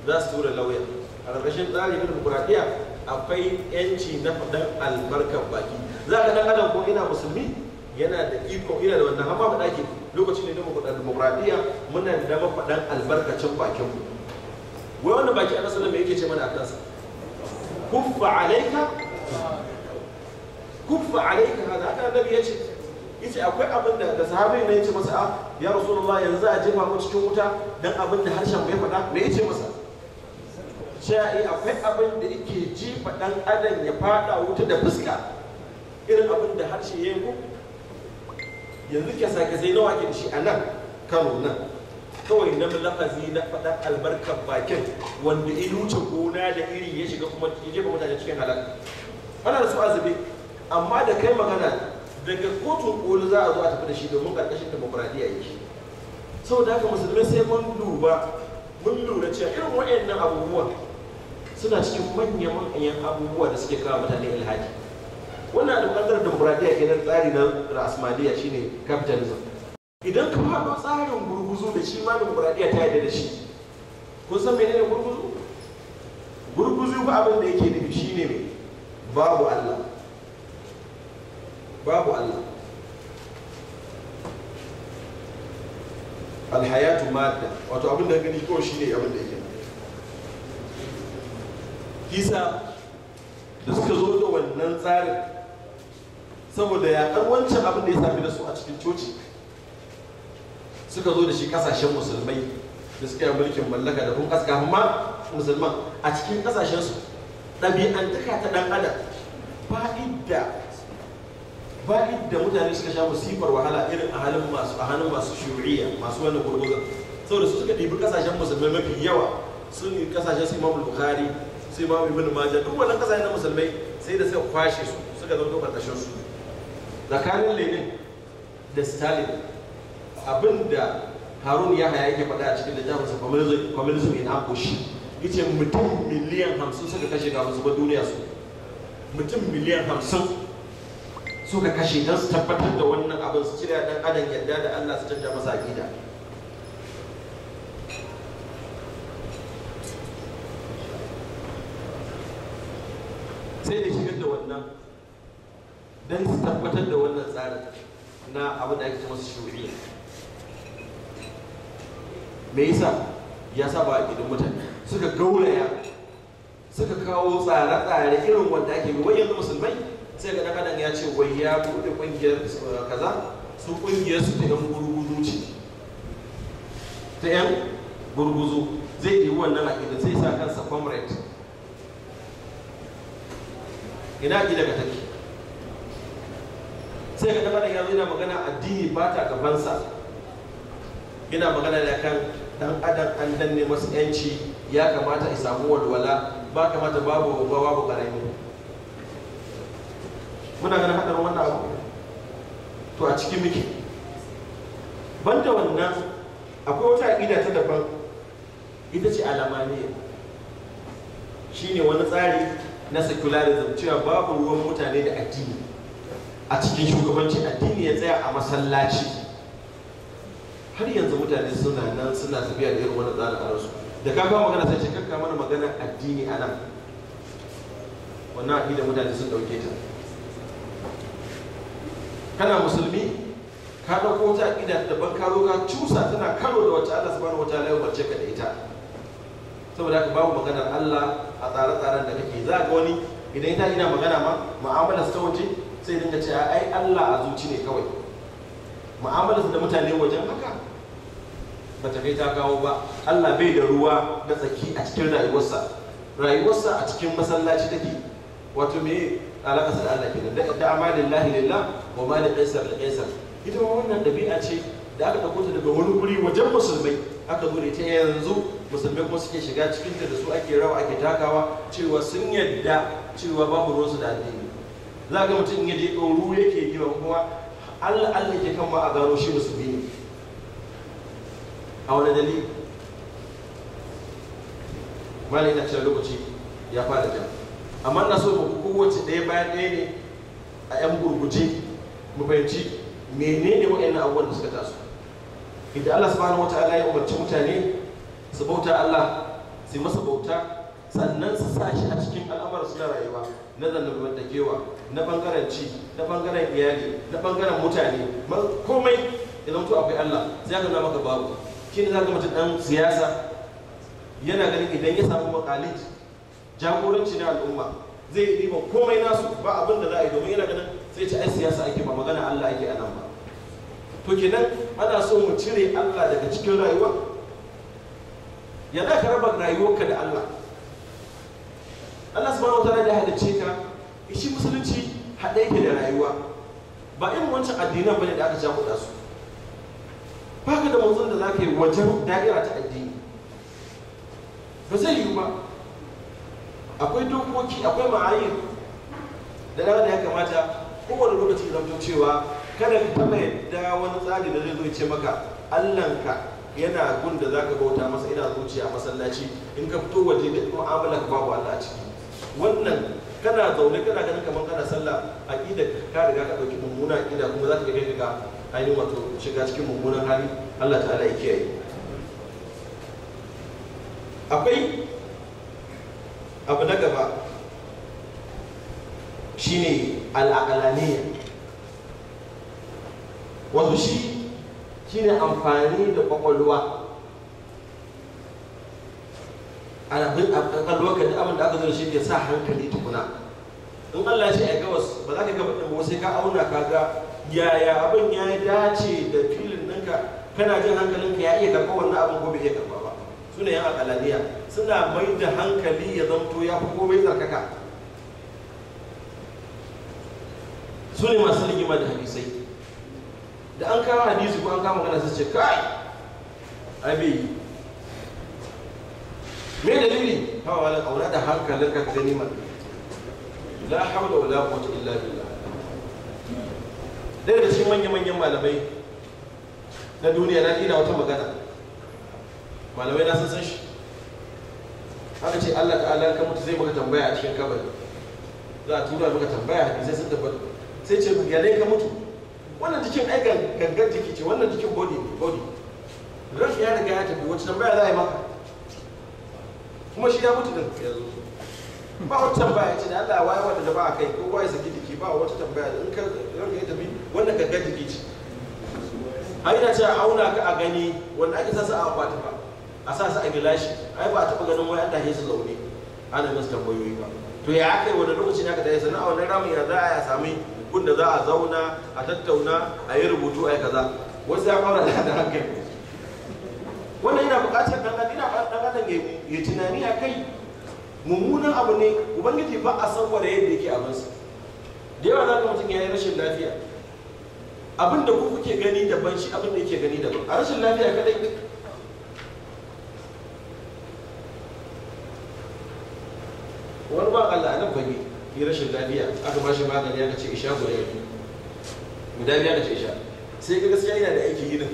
za su tura lauya a ƙarƙashin tsari na demokuraɗiyya akwai yanci na faɗan albarkar baki za ka ɗan adam ko ina musulmi yana da iko ina da wannan amma ba ɗaki lokacin da muka ɗan demokuraɗiyya muna da dama faɗan albarkacin bakin mu wai wannan baki a ƙasar me yake ce mana a kansa kuffa alaika kuffa alaika hada haka annabi ya ce yace akwai abin da da sahabi ne yace masa ah, ya rasulullah yanzu a jefa mu cikin wuta dan abin da harshen mu ya faɗa me yace masa sai eh, akwai abin da yake ji dan adam ya faɗa wuta da fuska irin abin da harshe ya yi yanzu ke sake sai nawa ke shi anan nan karo nan kawai na lafazi na faɗa albarkar bakin wanda ya wuce gona da iri ya shiga kuma ya jefa mutane cikin halaka ana da su azumi amma da kai magana daga kotun koli za a zo a tafi da shi domin karkashin demokuraɗiyya yake Sau da haka musulmi sai mun duba mun lura cewa irin waɗannan abubuwa suna cikin manyan manyan abubuwa da suke kawo mutane ilhaji wannan da demokuraɗiyya ke nan tsari na rasmaliya shine capitalism idan ka faɗo tsarin gurguzu da shi ma demokuraɗiyya ta yadda da shi kun san menene gurguzu gurguzu ba abin da yake nufi shine babu Allah babu Allah alhayatu madda wato abin da gani kawai shine abin da yake kisa da suka zo da wannan tsarin saboda yaƙar wancan abin da ya sami da su a cikin coci suka zo da shi kasashen musulmai da suka yi mulkin mallaka da kun kaska amma musulman a cikin kasashen su ɗabi'an ta ɗan adam ba ba da mutane suka sha musibar wahala irin a halin masu a halin masu shuriya masu wannan gurguza saboda su suka ɗibi kasashen musulmai mafi yawa sun yi kasashen sai imamu bukari su imamu ibn majah duk wannan kasashen na musulmai sai da suka kwashe su suka zama ƙarƙashin su tsakanin lenin da stalin abinda harun ya haya yake faɗa a cikin da littafinsa communism in ambush yace mutum miliyan hamsin suka kashe kafin su ba duniya su mutum miliyan hamsin suka kashe don su tabbatar da wannan abin su cire dan adam yadda da Allah su canja masa aqida sai da shigar da wannan don su tabbatar da wannan tsarin na abin da ake masu shuri me yasa ya saba a gidan mutane suka gauraya suka kawo tsare-tsare irin wanda ake yi wayan musulmai sai ga dan ya ce wai ya bude kungiyar eh, kaza su kungiyar su ta yan gurguzu ce ta yan gurguzu zai yi wannan aƙida sai sa kansa comrade ina aƙida ga take sai ga dan ya zo yana magana addini ba ta gabansa yana magana da kan dan adam an danne masu yanci ya kamata ya samu walwala ba kamata babu babu karami muna ganin hadarin wannan abu to a cikin muke banda wannan akwai wata aƙida ta daban ita ce alamaniya shine wani tsari na secularism cewa babu ruwan mutane da addini a cikin shugabanci addini ya tsaya a masallaci har yanzu mutane suna nan suna tafiya da irin wani tsarin a rasu da ka kawo magana sai ce kakka mana magana addini a nan wannan aƙida mutane sun ɗauke ta kana musulmi ka ɗauko ta aƙida da ka zo ka cusa tana karo da wacce Allah subhanahu wataala ya ka da ita saboda haka babu maganar Allah a tsare-tsaren da kake za ga wani idan ita ina magana ma mu'amala ta waje sai dinga cewa ai Allah a zuci ne kawai mu'amalar da mutane wajen haka ba ta kai ta kawo ba Allah bai da ruwa da tsaki a cikin rayuwarsa rayuwarsa a cikin masallaci take wato me alaƙa da Allah kenan da da amalillahi lillah wa ma da qaisar da qaisar ita ma wannan dabi'a ce da aka dauko ta daga wani guri wajen musulmai aka bude ta yanzu musulmai kuma suke shiga cikin ta da su ake rawa ake takawa cewa sun yadda cewa babu su da addini za ga mutum ya je ɗauru yake yi wa kuma Allah Allah ke kan ma a gano shi musulmi ne a wani dalili malai na cikin lokaci ya fara jama'a amma na so ku kowace ɗaya bayan ɗaya ne a 'yan gurguje mu fahimci menene waɗannan abubuwan da suka taso inda Allah subhanahu wata'ala ya umarci mutane su bauta Allah su masa bauta sannan su sa shi a cikin al'amuran su na rayuwa na kewa na bangaren ci na bangaren iyali na bangaren mutane komai idan to akwai Allah sai aka zama maka babu kin za ka mutum dan siyasa yana ganin idan ya samu makaliti jagoranci na al'umma zai yi riba komai nasu ba abin da za a yi domin yana ganin sai ci ai siyasa ake ba magana Allah ake anan ba to kenan ana so mu cire Allah daga cikin rayuwa ya da ka raba rayuwarka da Allah Allah subhanahu wataala da halicce ka shi musulunci haɗe yake da rayuwa ba irin wancan addinan bane da aka jagoda su ba ka da manzon da za yi wajen da'ira ta addini ba zai yiwu ba akwai dokoki akwai ma'ayin da na da ya kamata kowane lokaci zamto cewa kada ka taɓa yadda wani tsari da zai zo ce maka allanka yana gun da zaka bauta masa ina zuciya masallaci in ka fito waje da kuma amala ka babu Allah a ciki wannan kana zaune kana ganin kamar kana sallah aqida ka riga ka dauki mummuna aqida kuma zaka ga kai ka ainihin wato shiga cikin mummunan hali Allah ta'ala ya kiyaye akwai abu na gaba shine al'aqalaniya wato shi shine amfani da kwakwalwa a bin kwakwalwa da abin da aka zo shi ke sa hankali tukuna in Allah shi ya gawas ba za ka gaba ɗin ba sai ka auna ka ga yaya abin ya dace da filin ɗinka kana jin hankalinka ya iya karɓar wannan abin ko bai iya karɓa ba su ne yan akalaniya suna mai da hankali ya zanto ya fi komai zarkaka su ne masu ligima da hadisai da an kama hadisi ko an kama magana su ce kai abi me dalili hawa wala kauna da hankalin ka ta ma la hawla wala quwwata illa billah ɗaya da shi manya manyan malamai na duniya na ɗina wata magana malamai na san shi aka ce Allah ta'ala ka mutu zai maka tambaya a cikin kabari za a tura maka tambaya sai sun tabbata sai ce gare ka mutu wannan jikin aikan gangan jiki ce wannan jikin body ne body ran ya riga ya tafi wacce tambaya za a yi maka kuma shi ya mutu din yanzu ba wata tambaya ce da Allah waye wanda da ba a kai ko waye saki jiki ba wata tambaya in ka ran ya tafi wannan gangan jiki ce a yi na ce a auna ka a gani wanda ake sasa a akwati ba a sasa a gilashi ai ba ta taɓa ganin wai an tashi su zaune ana musu tambayoyi ba to ya aka yi wani lokaci ne aka tashi sannan a wannan ramin ya za a sami gun da za a zauna a tattauna a yi rubutu a yi kaza wasu ya fara da hankali wannan yana buƙatar dan adam yana dan adam ya tunani a kai mummunan abu ne ubangiji ba a san da yadda yake a masu. da yawa za ka mutum ya yi rashin lafiya abin da ku kuke gani daban shi abin da yake gani daban a rashin lafiya kadai yi rashin lafiya aka ba shi magani aka ce isha guda biyu guda biyu aka ce isha sai ga gaskiya yana da aiki yinin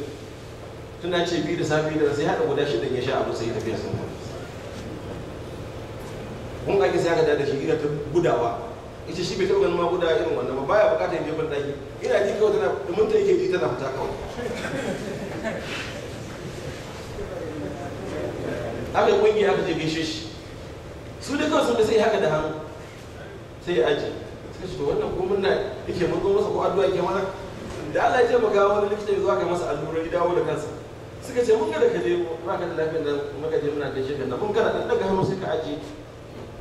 tana ce biyu da safi da sai haɗa guda shida ya sha abu sai tafiya sun ba mun ake sai aka dada shi ina ta gudawa ita shi bai taɓa ganin ma guda irin wannan ba baya buƙatar yin jefan ɗaki ina ji kawai tana da mun ta yake ji tana fita kawai aka yi ƙungiya aka je gaishe shi su da kawai sun da sai haka da hannu sai ya aji sai shi wannan ko murna yake murgo masa ko addu'a yake mana da Allah ya ce maka wani likita zuwa ga masa allura ya dawo da kansa suka ce mun ga da ka je ba ka da lafiyar nan muka je muna shi kana mun kana dan daga hannu sai ka aji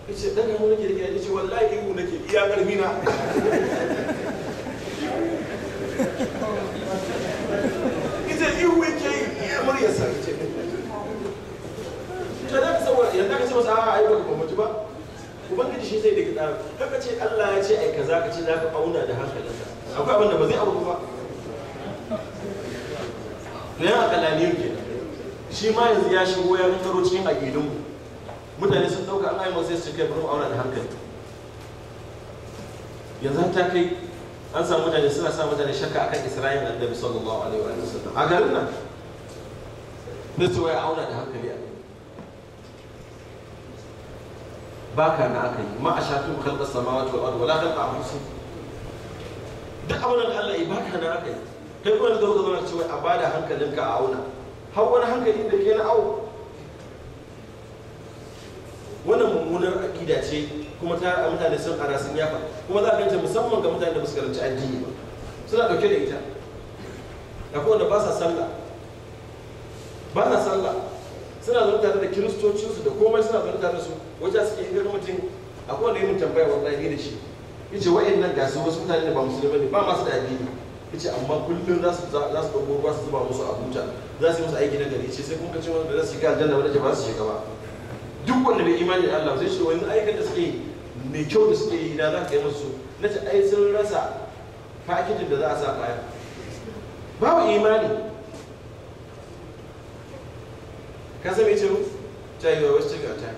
yace daga hannu nake da ke ce wallahi ihu nake iya karfi na ubangiji shi zai daga tsara ka ce Allah ya ce ai za ka ce za ka auna da hankalinka akwai abin da ba zai abu ba na yan akalaniyar ke shi ma yanzu ya shigo ya taro cikin aƙidunmu mutane sun ɗauka an ayi sai su kai bari auna da hankali yanzu ta kai an samu mutane suna sa mutane shakka akan isra'ila annabi sallallahu alaihi wa sallam a garin nan da su ya auna da hankali a ba ka na aka yi ma a shafin kalkar samawa ta wadda wala kalkar su. duk abin da Allah ya ba ka na aka yi kai kuma da zo zama cewa a bada hankalinka a auna har wani hankali da ke na au wannan mummunar akida ce kuma ta mutane sun ara sun yafa kuma za ka yi musamman ga mutane da ba su karanci addini ba suna dauke da ita akwai wanda ba sa sallah ba sa sallah suna zaune tare da kiristocinsu da komai suna zaune tare da su wajen suke hidar mutum akwai wanda yi mun tambaya wallahi da shi yace wa'annan ga su wasu mutane da ba musulmi ne ba masu da addini yace amma kullum za su ɗauko su ruwa su zuba musu a za su yi musu aiki na gari ce sai kuma kace da za su shiga aljanna wanda ba su shiga ba duk wanda bai imani da Allah zai ce wani aikin da suke mai kyau da suke yi na za ka yi musu nace ai sun rasa fakitin da za a sa baya. babu imani ka san me ce mu ta yi wa wasting your time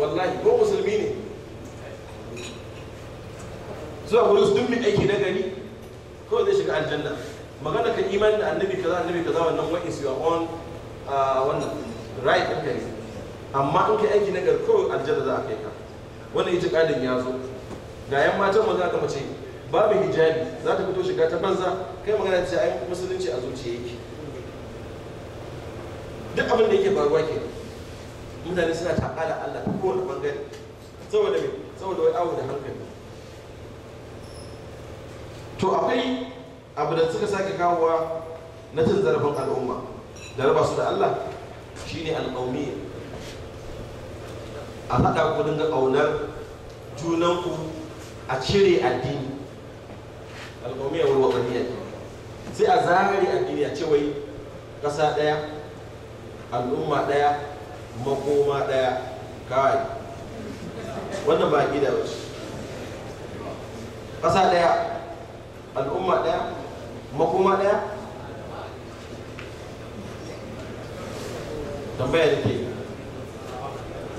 wallahi ko musulmi ne zuwa wuri su dummi aiki na gari ko zai shiga aljanna magana ka iman da annabi kaza annabi kaza wannan what is your own uh, wannan right ɗin kai amma in kai aiki na gari ko aljanna za a kai ka wannan ita ƙadin ya zo ga yan matan maza aka mace babu hijabi za ta fito shiga ta banza kai magana ce ai musulunci a zuciya yake duk abin da yake faruwa ke mutane suna taƙala Allah ta kowane bangare saboda mai saboda wai awo da hankali to akwai abu da suka sake kawowa na cin zarafin al'umma da raba su da Allah shine al'aumiyya a haɗa ku dinga ƙaunar junanku a cire addini al'aumiyya wani watsaniya sai a zahari addini a ce wai ƙasa ɗaya al'umma ɗaya makoma ɗaya kawai wannan ba gida ba ƙasa ɗaya al'umma ɗaya makoma ɗaya tambaya nake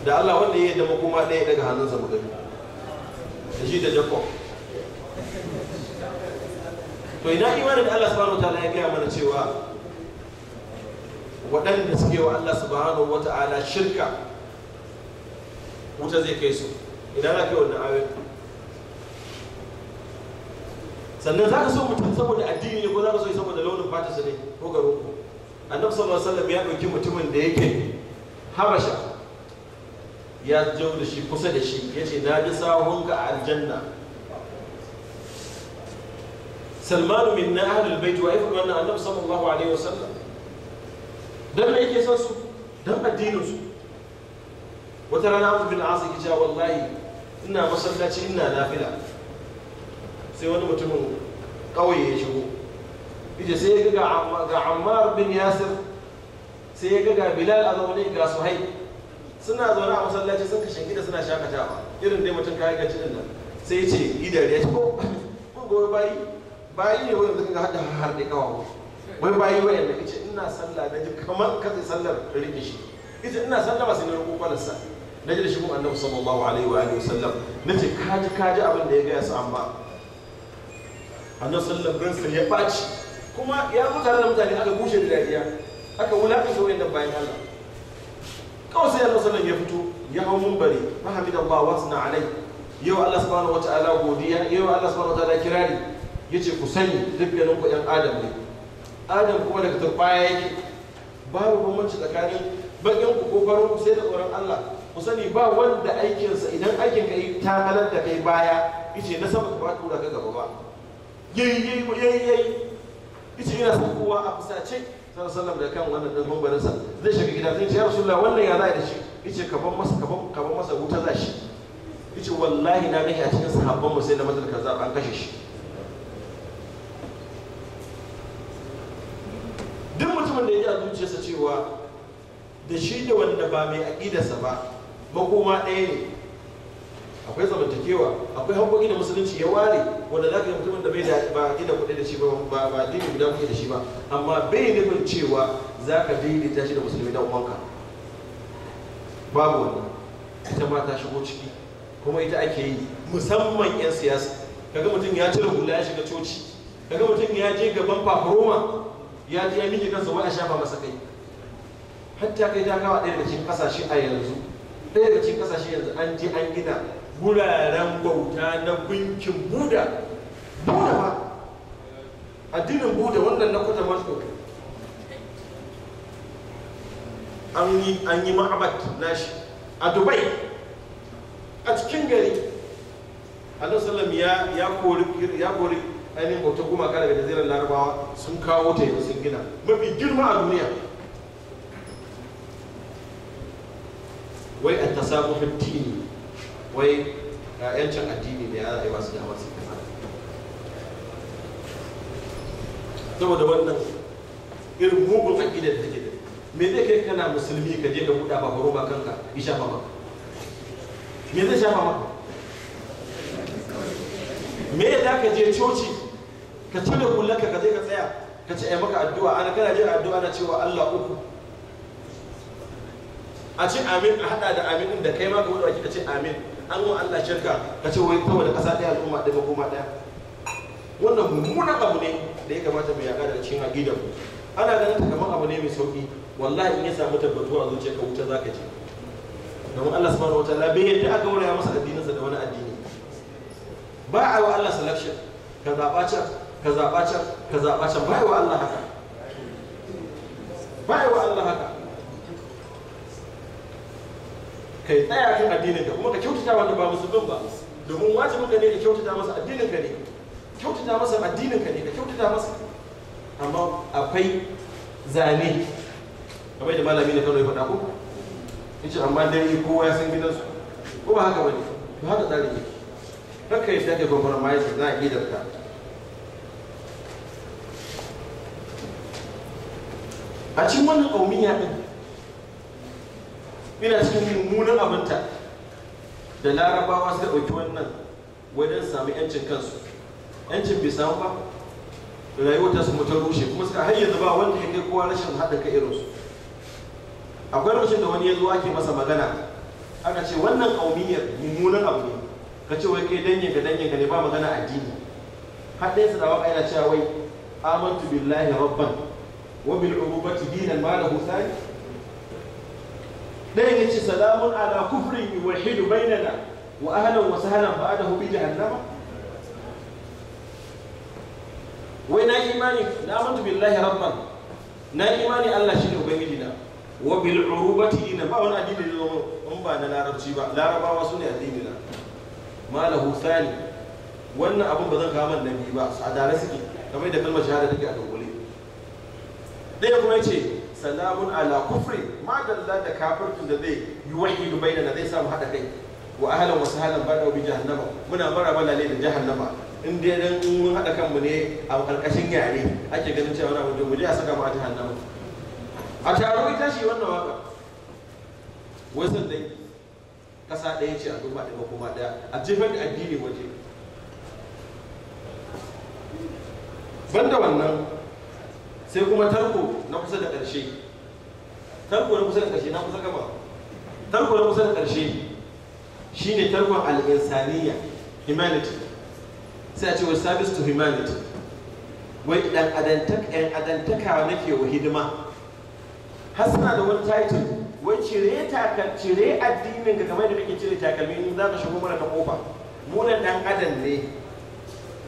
da Allah wanda ya yi da makoma ɗaya daga hannunsa mu da shi da jakob to ina imanin da Allah subhanahu wa ta'ala ya gaya mana cewa waɗanda suke wa Allah subhanahu wa ta'ala shirka wuta zai kai su idan ake wani ayoyin sannan za ka so mutum saboda addini ne ko za ka so yi saboda launin fata su ne ko garin ku annabi sallallahu alaihi wasallam ya ɗauki mutumin da yake habasha ya jau da shi kusa da shi ya ce na ji sahunka a aljanna salmanu min na ahlul bait wa ifman annabi sallallahu alaihi wasallam don me yake son su don addinin su wata rana abu bin asu gija wallahi ina masallaci ina lafila sai wani mutumin kawai ya shigo ije sai ya ga ga ammar bin yasir sai ya ga bilal a zaune ga suhai suna zaune a masallaci sun kashe gida suna shakatawa irin dai mutum kayan gaci din nan sai ya ce gidan ya ce ko gobe bayi bayi ne wanda ga hada har da kawawa wai bayi wa yadda kace ina sallah na ji kamar katsi sallar rikin shi ita ina sallah masu yin na riko na ji da shi annabi sallallahu alaihi wa alihi wasallam na ce kaji kaji abin da ya gaya su ba annabi sallallahu alaihi ya ɓaci kuma ya mutane da mutane aka bushe da dariya aka wayan da bayan Allah kawai sai annabi sallar ya fito ya hau munbari fa hamidallahu wa sana alai yau Allah subhanahu wa ta'ala godiya yau Allah subhanahu wa ta'ala kirari ce ku sani dukkanin ku yan adam ne adam kuma daga turbaya yake babu bambanci tsakanin bakin ku ko farin ku sai da tsoron Allah ku sani ba wanda aikinsa idan aikin ka yi takalar da kai baya ice na sama ba tura ka gaba ba yayi yayi yayi yayi ice ina son kowa a fusace sallallahu alaihi da kan wannan dan mambarin sa zai shiga gida zai ce ya rasulullah wannan ya zai da shi ice ban masa kaban kaban masa wuta za shi ice wallahi na gani a cikin sahabban mu sai da matal kaza an kashe shi sa cewa da shi da wanda ba mai aƙidarsa ba makoma ɗaya ne akwai zamantakewa akwai hankoki da musulunci ya ware wanda za ka yi mutumin da bai da ba aƙida kuɗi da shi ba ba ba dini guda kuɗi da shi ba amma bai nufin cewa za ka daidaita shi da musulmi da uwanka babu wannan ita ma ta shigo ciki kuma ita ake yi musamman 'yan siyasa kaga mutum ya cire hula ya shiga coci kaga mutum ya je gaban fafroma ya ji ya kan kansa wai a shafa masa kai hatta kai ta kawa ɗaya daga cikin ƙasashe a yanzu ɗaya daga cikin ƙasashe yanzu an je an gina wuraren bauta na gunkin buda buda ba addinin buda wannan na kuta masu an yi an yi ma'abat nashi a dubai a cikin gari annabi sallam ya kori ya kori ainihin bautar kada daga jazirar larabawa sun kawo ta yanzu gina mafi girma a duniya wai a ta samu fitini wai yancin addini da ya zai wasu damar sun kama saboda wannan irin mugun aƙidar da take da me zai kai kana musulmi ka je ka buɗa ba horo ba kanka ya shafa maka me zai shafa maka me ya da ka je coci ka cire kullaka ka je ka tsaya ka ce maka addu'a ana kana jin addu'a na cewa Allah uku a ce amin a hada da amin da kai ma ka wuce ka ce amin an wa Allah shirka ka ce wai da kasa ɗaya al'umma ɗaya makoma ɗaya wannan mummunan abu ne da ya kamata mu yaƙa daga cikin aƙidar ana ganin ta kamar abu ne mai sauƙi wallahi in ya samu tabbatuwa a zuciya ka wuta zaka je domin Allah subhanahu ta'ala bai yadda aka wuraya masa addininsa da wani addini ba a yi wa Allah selection ka zaɓa can ka zaɓa can ka zaɓa can ba a yi wa Allah haka ba a yi wa Allah haka ka yi tsaya kan addinin ka kuma ka kyautata wanda ba bin ba domin wajibin ka ne ka kyautata masa addinin ka ne kyautata masa addinin ka ne ka kyautata masa amma akwai zane kamar da malami na kano ya faɗa ko ce amma dai kowa ya san gidansu ko ba haka bane Ba haka tsarin yake kakka yi sake compromise na aƙidarka a cikin wannan ƙaumiya ɗin ina cikin mummunan abinta da larabawa suka ɗauki wannan wajen sami 'yancin kansu 'yancin bai samu ba Rayuwa ta samu ta rushe kuma suka hanyar da ba wanda ya kai kowa rashin haɗa ka irinsu akwai rashin da wani ya zuwa ake masa magana aka ce wannan ƙaumiyar mummunan abu ne ka ce wai kai danyen ka danyen ka ne ba magana addini har ɗaya sadawa yana cewa wai amantu billahi rabban wa bil ububati dinan ma lahu thani ɗayan ya ce salamun ala kufrin yuwahidu bainana wa ahlan wa sahlan ba'dahu bi jahannama wai na imani na amantu billahi rabban na imani Allah shi shine ubangiji na wa bil urubati dinan ba wani addini da zo ba na larabci ba larabawa sune addini na malahu thani wannan abin ba zan kama na biyu ba su a tare suke kamar da kalmar shahada ke a dogole ɗaya kuma yace salamun ala kufri madalla da kafircin da zai yi wahidu bainana zai samu haɗa kai wa wasu halin ba bada bi jahannama muna mara maraba lalle da jahannama in dai dan mun hada kanmu ne a ƙarƙashin yare ake ganin cewa wani abu mu je a saka mu a jahannama a taro ita shi wannan waka wasan dai Kasa ɗaya ce al'umma ɗaya kuma ɗaya a jefar da addini waje banda wannan sai kuma tarko na kusa da ƙarshe tarko na kusa da ƙarshe na kusa gaba tarko na kusa da ƙarshe shine tarkon al'insaniya humanity sai a ce wa service to humanity wai ɗan adantakawa nake wa hidima har suna da wani title wai cire takal cire addinin ka kamar da muke cire takalmi in za ka shigo mana ta kofa mu nan dan adam ne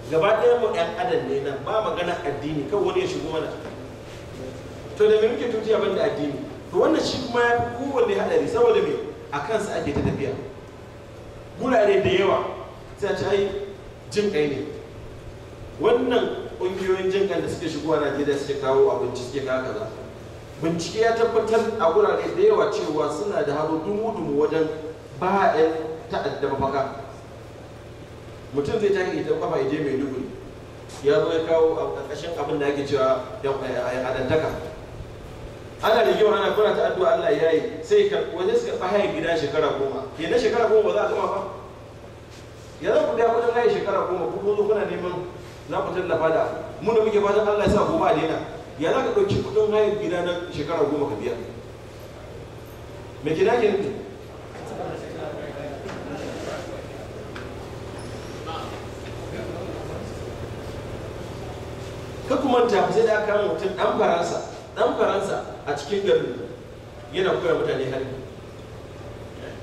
gaba ɗaya mu dan adam ne nan ba magana addini kan wani ya shigo mana to da me muke tuciya ban da addini to wannan shi kuma ya fi kowanne haɗari saboda me a kansa ake ta tafiya gurare da yawa sai a ci ai jin ƙai ne wannan ƙungiyoyin jin ƙai da suke shigowa najeriya suke kawo abinci suke kawo kaza bincike ya tabbatar a wurare da yawa cewa suna da hannu dubu-dubu wajen ba 'yan ta'adda mafaka mutum zai ta ita kafa ya je mai dubu. ya zo ya kawo a ƙarƙashin abin da ake cewa adantaka eh, ana da yawan ana kuna ta addu'a Allah ya yi sai wani suka karɓi hayan gida shekara goma ke na shekara goma ba za a zama ba ya za ku biya kudin hayan shekara goma ku zo kuna neman za ku tallafa da mu da muke fatan Allah ya sa goma a daina ya za ka ɗauki kuɗin hayar gida na shekara goma ka biya me ke dake nufi ka kuma tafi sai da aka kama mutum ɗan faransa ɗan faransa a cikin garin yana koya mutane hari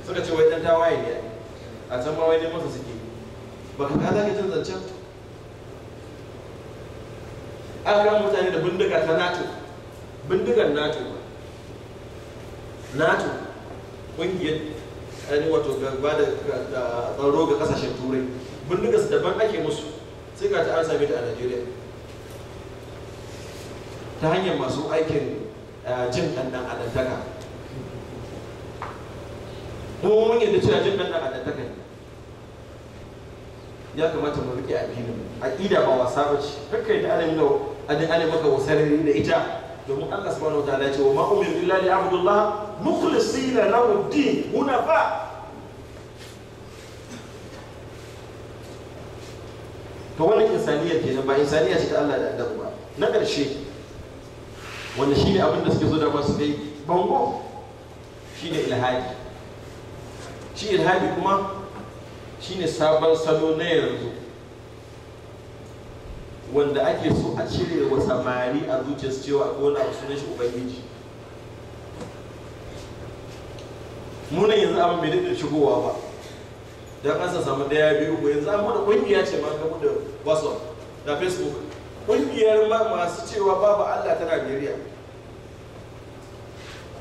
suka ce wai ɗan tawaye ne a can ma wai neman su suke baka ka za ka jin zancen an kama mutane da bindiga ta nato bindigar nato nato ƙungiyar ainihin wato gaba da tsaro ga kasashen turai bindigar su daban ake musu sai ga ta an same ta a najeriya ta hanyar masu aikin jin ɗanɗan adantaka kuma mun yadda cewa jin ɗanɗan adantaka ne ya kamata mu riƙe A ƙida ba wasa ba ce kakkai da alamin hadin ana maka wasarari da ita domin Allah subhanahu wataala ya ce wa ma umiru illa li abdullah mukhlisina lahu din hunafa to wannan insaniya kenan ba insaniya ce ta Allah da Adam ba na ƙarshe wanda shi ne abin da suke zo da masu dai bango shi ne ilhadi shi ilhadi kuma shi ne sabon salo na yanzu wanda ake so a cire wa samari a zuciyarsu cewa ko wani abu sunan shi ubangiji muna yanzu an bai da shigowa ba don an sa samu daya biyu ko yanzu an buɗe ƙungiya ce ma kamar da whatsapp da facebook ƙungiyar ma masu cewa babu allah ta najeriya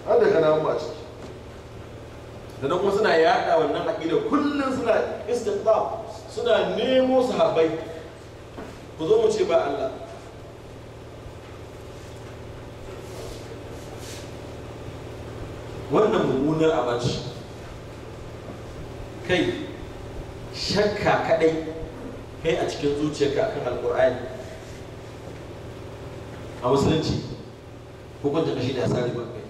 har da kana ba ciki da kuma suna yaɗa wannan aƙida kullum suna istiqbal suna nemo sahabbai ku zo mu ce ba Allah wannan mummunar abaci kai shakka kadai kai a cikin zuciyarka akan alkur'ani a musulunci hukunta kashi da asali ba kai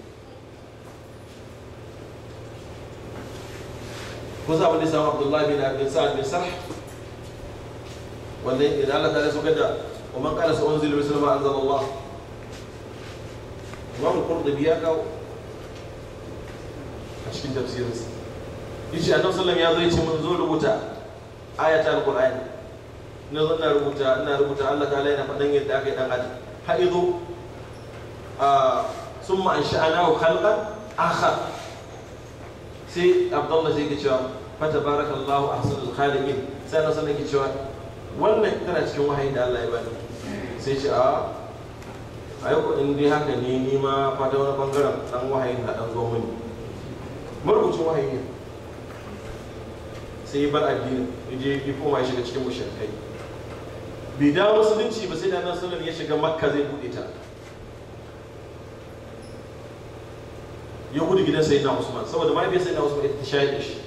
ko sa wani samu abdullahi bin abdul sa'ad bin sarh wanda idan Allah ta suka da wa man qala sa'unzilu misla ma anzala Allah Imam Qurtubi ya kawo a cikin tafsirinsa yace Annabi sallallahu ya zo yace mun zo rubuta ayata alqur'ani na zo na rubuta ina rubuta Allah ta'ala yana faɗan yadda aka yi dan adam ha'idu a summa ansha'nahu khalqan akhar sai Abdullah sai ke cewa fatabarakallahu ahsanul khaliqin sai Annabi sallallahu ke cewa wannan tana cikin wahayi da Allah ya bani sai ce a ah, ai in dai haka ne ni ma fata wani bangaren dan wahayin na dan zo mini marubucin wahayi ne sai ya bar addini je ya koma ya shiga cikin mushrikai bai dawo musulunci ba sai da nan sunan ya shiga makka zai bude ta ya gudu gidan sayyidina usman saboda mahaifiyar sayyidina usman ita ta shayar da shi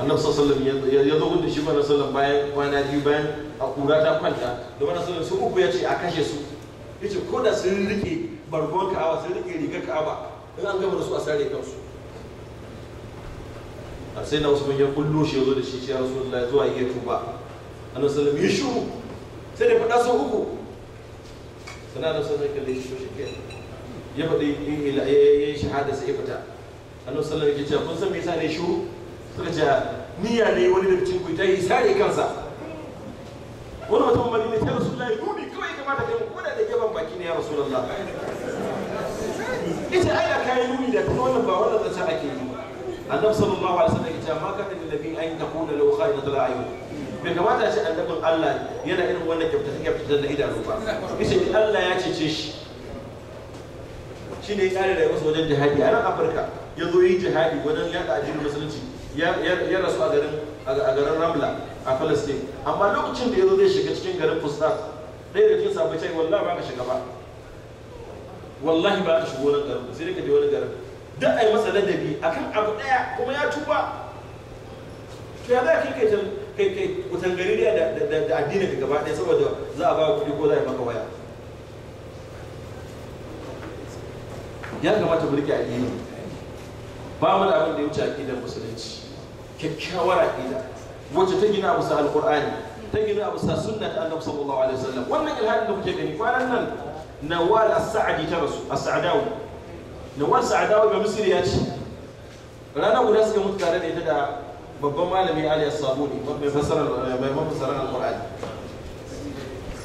annabi sallallahu alaihi ya zo gudun shi annabi sallallahu bayan kwana biyu bayan a kura ta kwanta da annabi sallallahu su uku ya ce a kashe su yace ko da sun rike barkon ka'aba sun rike rigar ka'aba in an gama da su a sare kansu a sai na wasu ya kullo shi ya zo da shi ya rasulullahi zuwa iya tuba annabi sallallahu ya shiru sai da faɗa sau uku sana da sallallahu kalle shi shi ke ya faɗi ya yi shahada sai ya fita annabi sallallahu ya ce kun san me yasa ne shiru. suka ce niyya ne wani da cikin kuita yi sare kansa wani mutum mali ne sai rasulullah ya nuni kawai ya kamata kai ko da da gaban baki ne ya rasulullah ita ai da kai nuni da kuma wannan ba wannan zancen ake yi annabi sallallahu alaihi wasallam ya ce ma kana lil nabi an taqula law khayratul ayun bai kamata shi annabin Allah yana irin wannan kyauta take fitar da idanu ba bisa ni Allah ya cece shi shine ya tsare da wasu wajen jihadi a nan Afirka ya zo yi jihadi wajen yada addinin musulunci ya rasu a garin ramla a Falastin, amma lokacin da ya zo zai shiga cikin garin fustat ɗaya da cikin sabai cai wallahi ba ka shiga ba wallahi ba ka shigo wani garin sai ka je wani garin duk a yi masa ladabi a kan abu ɗaya kuma ya tuba to ya za ka kai kai kai wutan gari da addinin ka gaba ɗaya saboda za a ba kuɗi ko za a yi maka waya ya kamata mu a ba mu da abin da ya wuce aƙidar musulunci kyakkyawar aqida wacce ta gina bisa alqur'ani ta gina bisa sunna ta annabi sallallahu alaihi wasallam wannan ilhadin da kuke gani kwanan nan nawal as-sa'di ta rasu as-sa'dawi nawal sa'dawi ga misri ya ce rana guda suka mutu tare da ita da babban malami Ali As-Sabuni mai fasarar mai mafasarar alqur'ani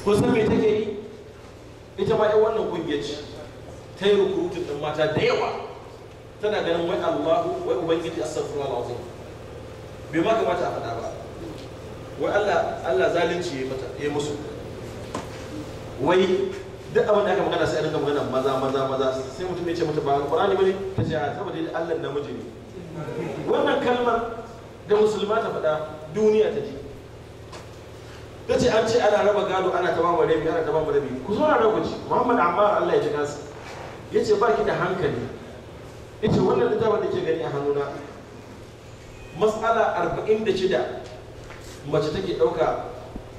ko san me take yi ita ma ɗan wannan kungiyar ce ta yi rukurutun ɗin mata da yawa tana ganin wai Allahu wai Ubangiji astaghfirullah alazim bai ma kamata a faɗa ba wai Allah Allah zalunci ya mata ya musu wai duk abin da aka magana sai a dinga magana maza maza maza sai mutum ya ce mata ba alqur'ani bane ta ce a saboda dai Allah namiji ne wannan kalmar da musulma ta faɗa duniya ta ji ta ce an ce ana raba gado ana ta bamu rabi ana ta bamu rabi ku zo na rabu ci Muhammad amma Allah ya ji Ya ce ba ki da hankali Ya ce wannan littafin da ke gani a hannuna matsala arba'in da shida mace take ɗauka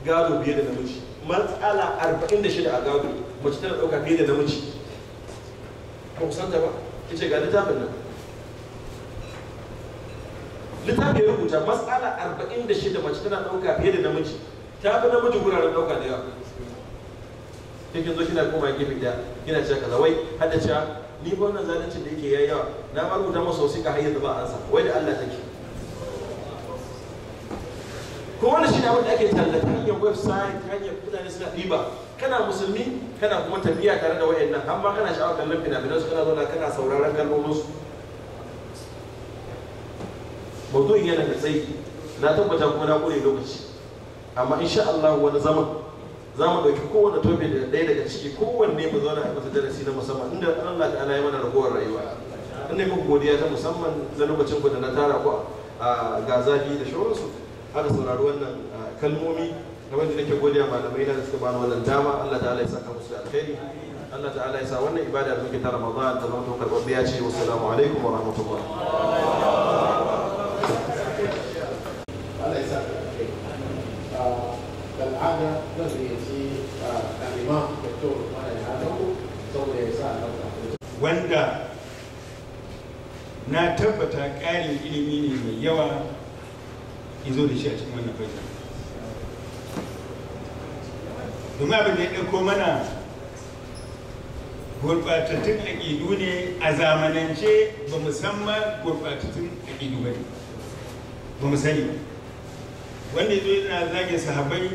gado biye da namiji matsala 46 a gado mace tana ɗauka biye da namiji ba kusanta ba ki ce ga littafin nan littafin ya rubuta matsala arba'in da shida mace tana ɗauka biye da namiji ta fi namiji wuraren ɗauka da yawa kin zo kina koma gefe da kina cewa kaza wai hada cewa ni ba wannan zalunci da yake yayi yawa na ma rubuta masa wasiƙa har yanzu ba an sa wai da Allah take ko wani shi ne abin da ake tallata hanyar website hanyar kudade suna riba kana musulmi kana kuma tafiya tare da nan amma kana sha'awar kallon fina-finan su kana zauna kana sauraron kalmomin su in yana da tsayi na tabbata kuma na kure lokaci amma insha Allah wani zaman za mu ɗauki kowane tobe da ɗaya daga ciki kowanne mu zauna a masa darasi na musamman inda Allah ta'ala ya mana raguwar rayuwa inda muku godiya ta musamman zanubacin ku da na tara ku a ga zafi da shawararsu aka saurari wannan kalmomi kamar da nake godiya malamai na da suka bani wannan dama Allah ta'ala ya saka musu alkhairi Allah ta'ala ya sa wannan ibada da muke ta Ramadan ta zama karɓaɓɓiya ce wassalamu alaikum wa rahmatullah Allah ya saka al'ada zan gayyaci al'imam Dr. Malam Adamu saboda ya sa wanda na tabbata ƙarin ilimi ne mai yawa izo da shi a cikin wannan baitin domin abin da ya ɗauko mana gurɓatattun aƙidu ne a zamanance ba musamman gurɓatattun aƙidu ba ne ba mu sani wanda ya zo yana zagin sahabai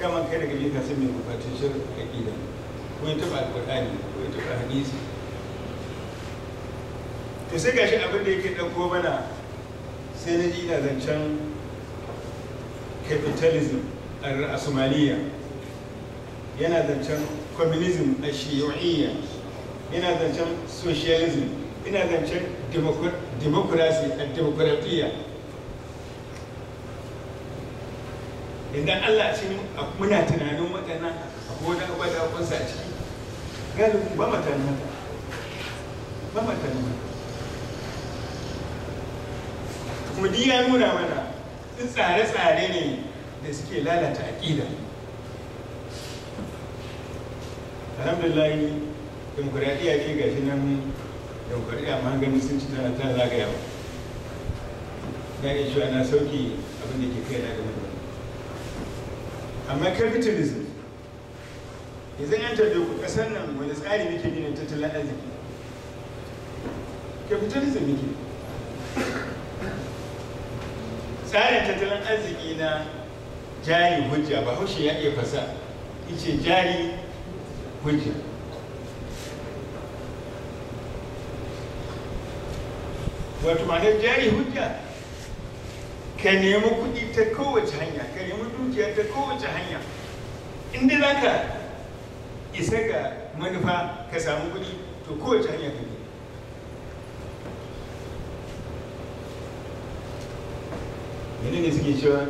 daman kai daga bai kasan mai gurɓatattun aƙida ko ya taɓa alƙur'ani ko ya taɓa hadisi to sai gashi abin da yake ɗauko mana sai na ji ina zancen capitalism a rasumaliya yana zancen communism a shiyu'iyya yana zancen socialism yana zancen demokrasi a demokratiya idan allah ce muna tunanin waɗannan na abubuwa da abubuwan sa ciki galibin ba matanin haka ba matanin haka kuma ya nuna mana tsare-tsare ne da suke lalata aƙida alhamdulahi demokuraɗiyya ce ga shi nan demokuraɗiyya maganin sun ci tana ta zagaya ba na iya cewa na sauki abin da ke kai na game da amma capitalism yanzu an da ku ƙasar nan wani tsari muke bi na tattalin arziki capitalism muke tsarin tattalin arziki na jari hujja ba haushe ya iya fasa ice jari hujja wato ma'anar jari hujja ka nemi kudi ta kowace hanya ka nemi dukiya ta kowace hanya inda za ka isa ga manufa ka samu kudi to kowace hanya ka ne ne suke cewa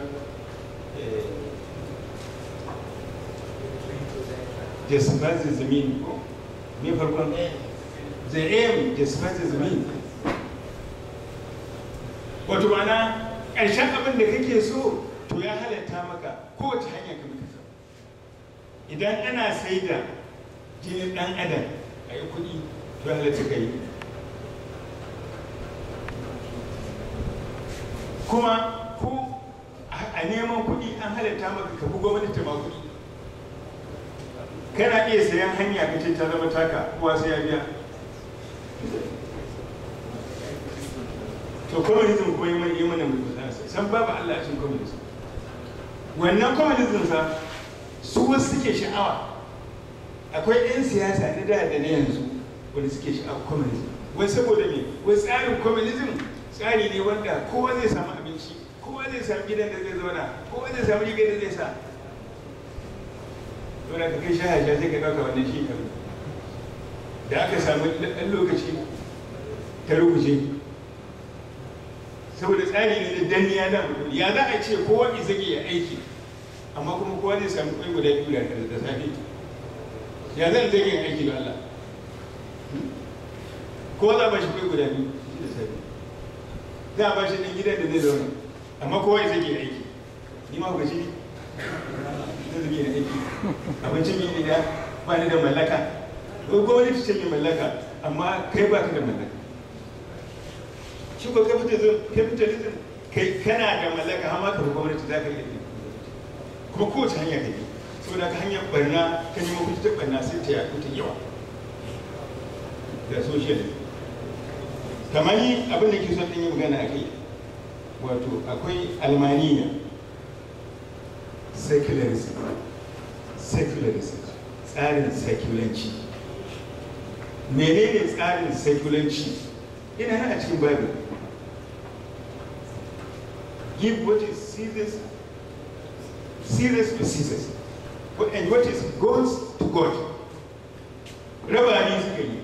desfazi zamin ko ne farkon za'im desfazi zamin wato ma'ana ƙarshen abin da kake so to ya halatta maka kowace hanya ka muka idan ana sai da jinin ɗan adam a yi kuɗi to ya halatta ka yi kuma halatta maka ka bugo gwamnati ta mako kana iya sayan hanya ka ce ta zama taka kowa sai ya biya to communism kuma yi mana mana mulki san babu Allah a cikin communism wannan communism sa su wasu suke sha'awa akwai 'yan siyasa na da da na yanzu wanda suke sha'awa communism wai saboda me wai tsarin communism tsari ne wanda kowa zai samu kowa zai sami gidan da zai zauna kowa zai sami gidan da zai sa dole ka kai shaha sha sai ka ɗauka wannan shi kan da aka samu ɗan lokaci ta rubuce saboda tsari ne na ya nan ya za a ce kowa ki zage ya aiki amma kuma kowa zai sami kwai guda biyu da safe ya zan zage ya aiki da Allah ko za ba shi kwai guda biyu da safe za a ba shi ɗan gidan da zai zauna amma kowa ya zage aiki ni ma gaji zai zage na aiki abincin yi ina ba ni da mallaka ko gwamnati ce mai mallaka amma kai ba ka da mallaka shi ko capitalism kai kana da mallaka amma ka gwamnati za ka yi kuma kowace hanya ka yi saboda ka hanyar barna ka nemo kuɗi ta barna sai ta yaku ta yawa da social kamar yi abin da ke son ɗin yi magana a kai wato akwai almaniya secularism secularism tsarin seculanci menene tsarin seculanci ina nan a cikin bible give what is serious to serious and what is goes to god raba ne suka yi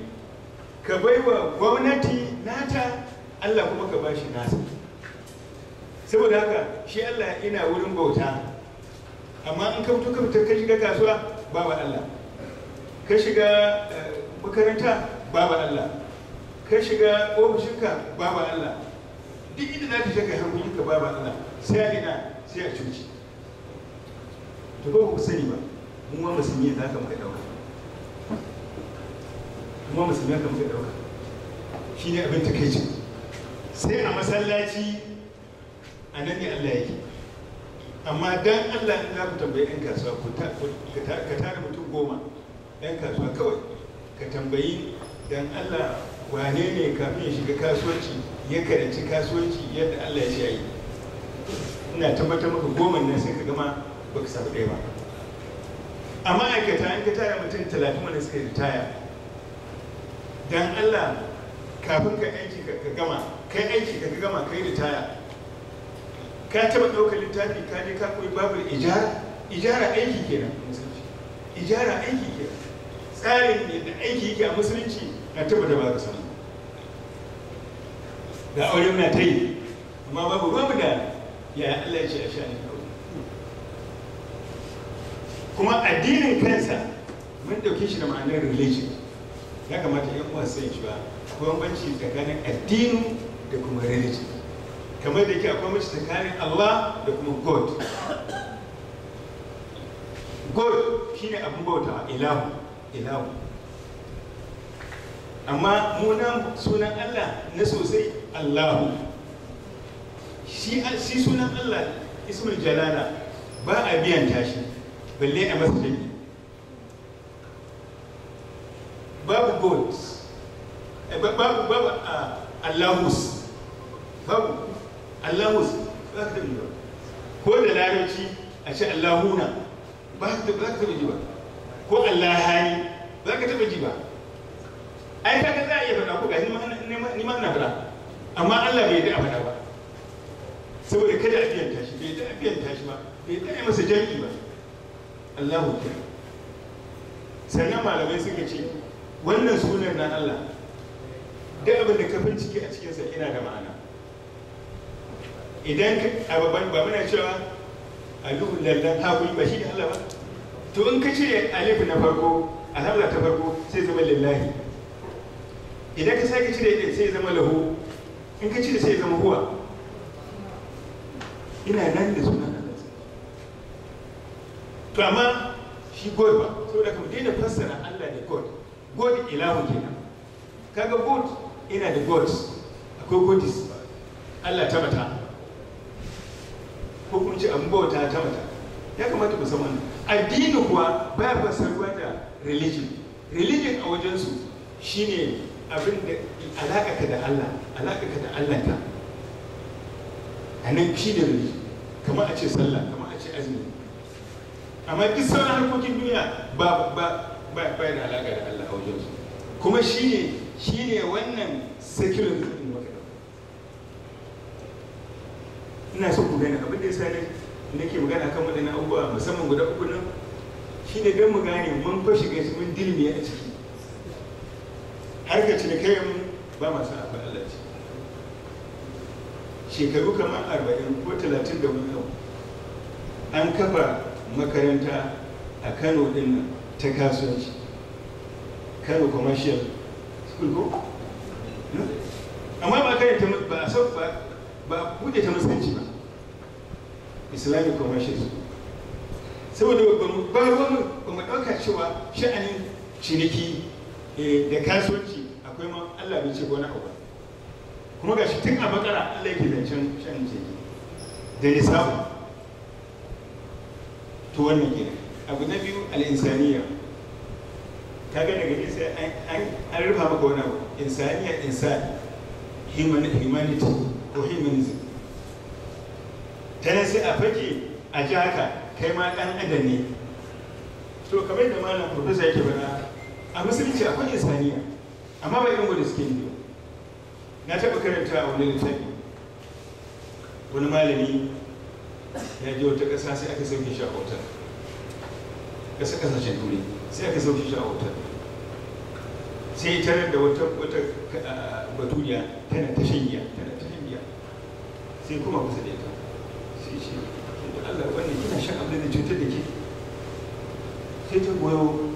ka baiwa gwamnati nata allah kuma ka bashi nasa saboda haka shi Allah ina wurin bauta amma in ka fito ka shiga kasuwa babu Allah ka shiga eh, makaranta babu Allah ka shiga ofishinka babu Allah duk inda za ka shiga harkokinka babu Allah sai ina sai a cuci to ba ku sani ba mu ma musulmi za ka muka dauka mu ma musulmi za ka muka dauka shine abin takeici sai a masallaci a nan ne Allah yake amma dan Allah in za ku tambayi ɗan kasuwa ka tara mutum goma ɗan kasuwa kawai ka tambayi dan Allah wane ne kafin ya shiga kasuwanci ya karanci kasuwanci yadda Allah ya ce yi ina tabbatar maka goma nan sai ka gama ba ka samu ɗaya ba a ma'aikata an ka tara mutum talatin wanda suka ritaya dan Allah kafin ka aiki ka gama kai aiki ka gama kai ritaya ka taba ɗaukar littafi ka je ka koyi babu ijara ijara aiki kenan a musulunci ijara aiki kenan tsarin da aiki yake a musulunci na taba da ba ka da aure muna ta yi amma babu babu da ya Allah ya ce a sha ne kuma addinin kansa mun dauke shi da ma'anar religion ya kamata yan uwa sai ba akwai banci tsakanin addini da kuma religion kamar da ke akwai mace tsakanin Allah da kuma God God shine abin bauta ilahu ilahu amma munan sunan Allah na sosai Allahu shi sunan Allah ismul jalala ba a biyan tashi balle a masa jami babu God eh, babu babu ah, Allahus babu allahus ba ka taɓa ba ko da larabci a ce allahuna ba ka taɓa ji ba ko allahani ba ka taɓa ji ba ai ka za a iya faɗa ko gashi ni ma na faɗa amma allah bai da a faɗa ba saboda kada a biyan shi bai da a biyanta shi ba bai da a masa jami'i ba allahu ke sannan malamai suka ce wannan sunan na allah duk abin da ka bincike a cikinsa ina da ma'ana idan a babban ba muna cewa alihu lallan kuyi ba shi da Allah ba to in ka ce alif na farko alhamza ta farko sai zama lillahi idan ka sake cire ɗin sai zama lahu in ka cire sai zama huwa ina nan da sunan Allah to amma shi god ba saboda kuma daina fassara Allah ne god god ilahun kenan kaga god ina da gods akwai godis Allah ta mata ko kuma ce abin bauta ta mata ya kamata mu san wannan addini kuwa baya fassarwa da religion religion a wajensu shine abin da alaƙa da Allah alaƙa da Allah ta a nan shi da religion kamar a ce sallah kamar a ce azumi amma duk sauran harkokin duniya ba ba ba ba da alaƙa da Allah a wajensu kuma shine shine wannan secular din wakadan ina so ku gane abin da ya sa nake magana kan waɗannan abubuwa musamman guda uku nan shine don mu gane mun fa shiga su mun dilmi a ciki harkar cinikayyar mu ba masu san abin Allah ce shekaru kamar arba'in ko talatin da wani yau an kafa makaranta a kano din nan ta kasuwanci kano commercial school ko hmm? amma ba ta ba a san ba ba buɗe ta musulunci ba islamic commercial saboda ba mu ba mu ba mu ɗauka cewa sha'anin ciniki eh, da kasuwanci akwai ma Allah bai ce gona abu kuma gashi tun a bakara Allah yake zancen sha'anin ciniki da nisabu to wannan kenan abu na biyu al'insaniya ga daga ne sai an rufa maka wani abu insaniya insani humanity ta ne sai a fage a ji haka kai ma ɗan adam ne to kamar da malam professor yake bana a musulunci akwai insaniya amma ba irin gudu suke yi na taɓa karanta a wani littafi wani malami ya je wata ƙasa sai aka sauke shi a hotel ƙasa ƙasashen turai sai aka sauke shi a hotel sai tarar da wata ah, baturiya tana ta shanya tana sai kuma kusa da ita sai ce da Allah wannan kina shan abin da cutar da ke sai ta goyo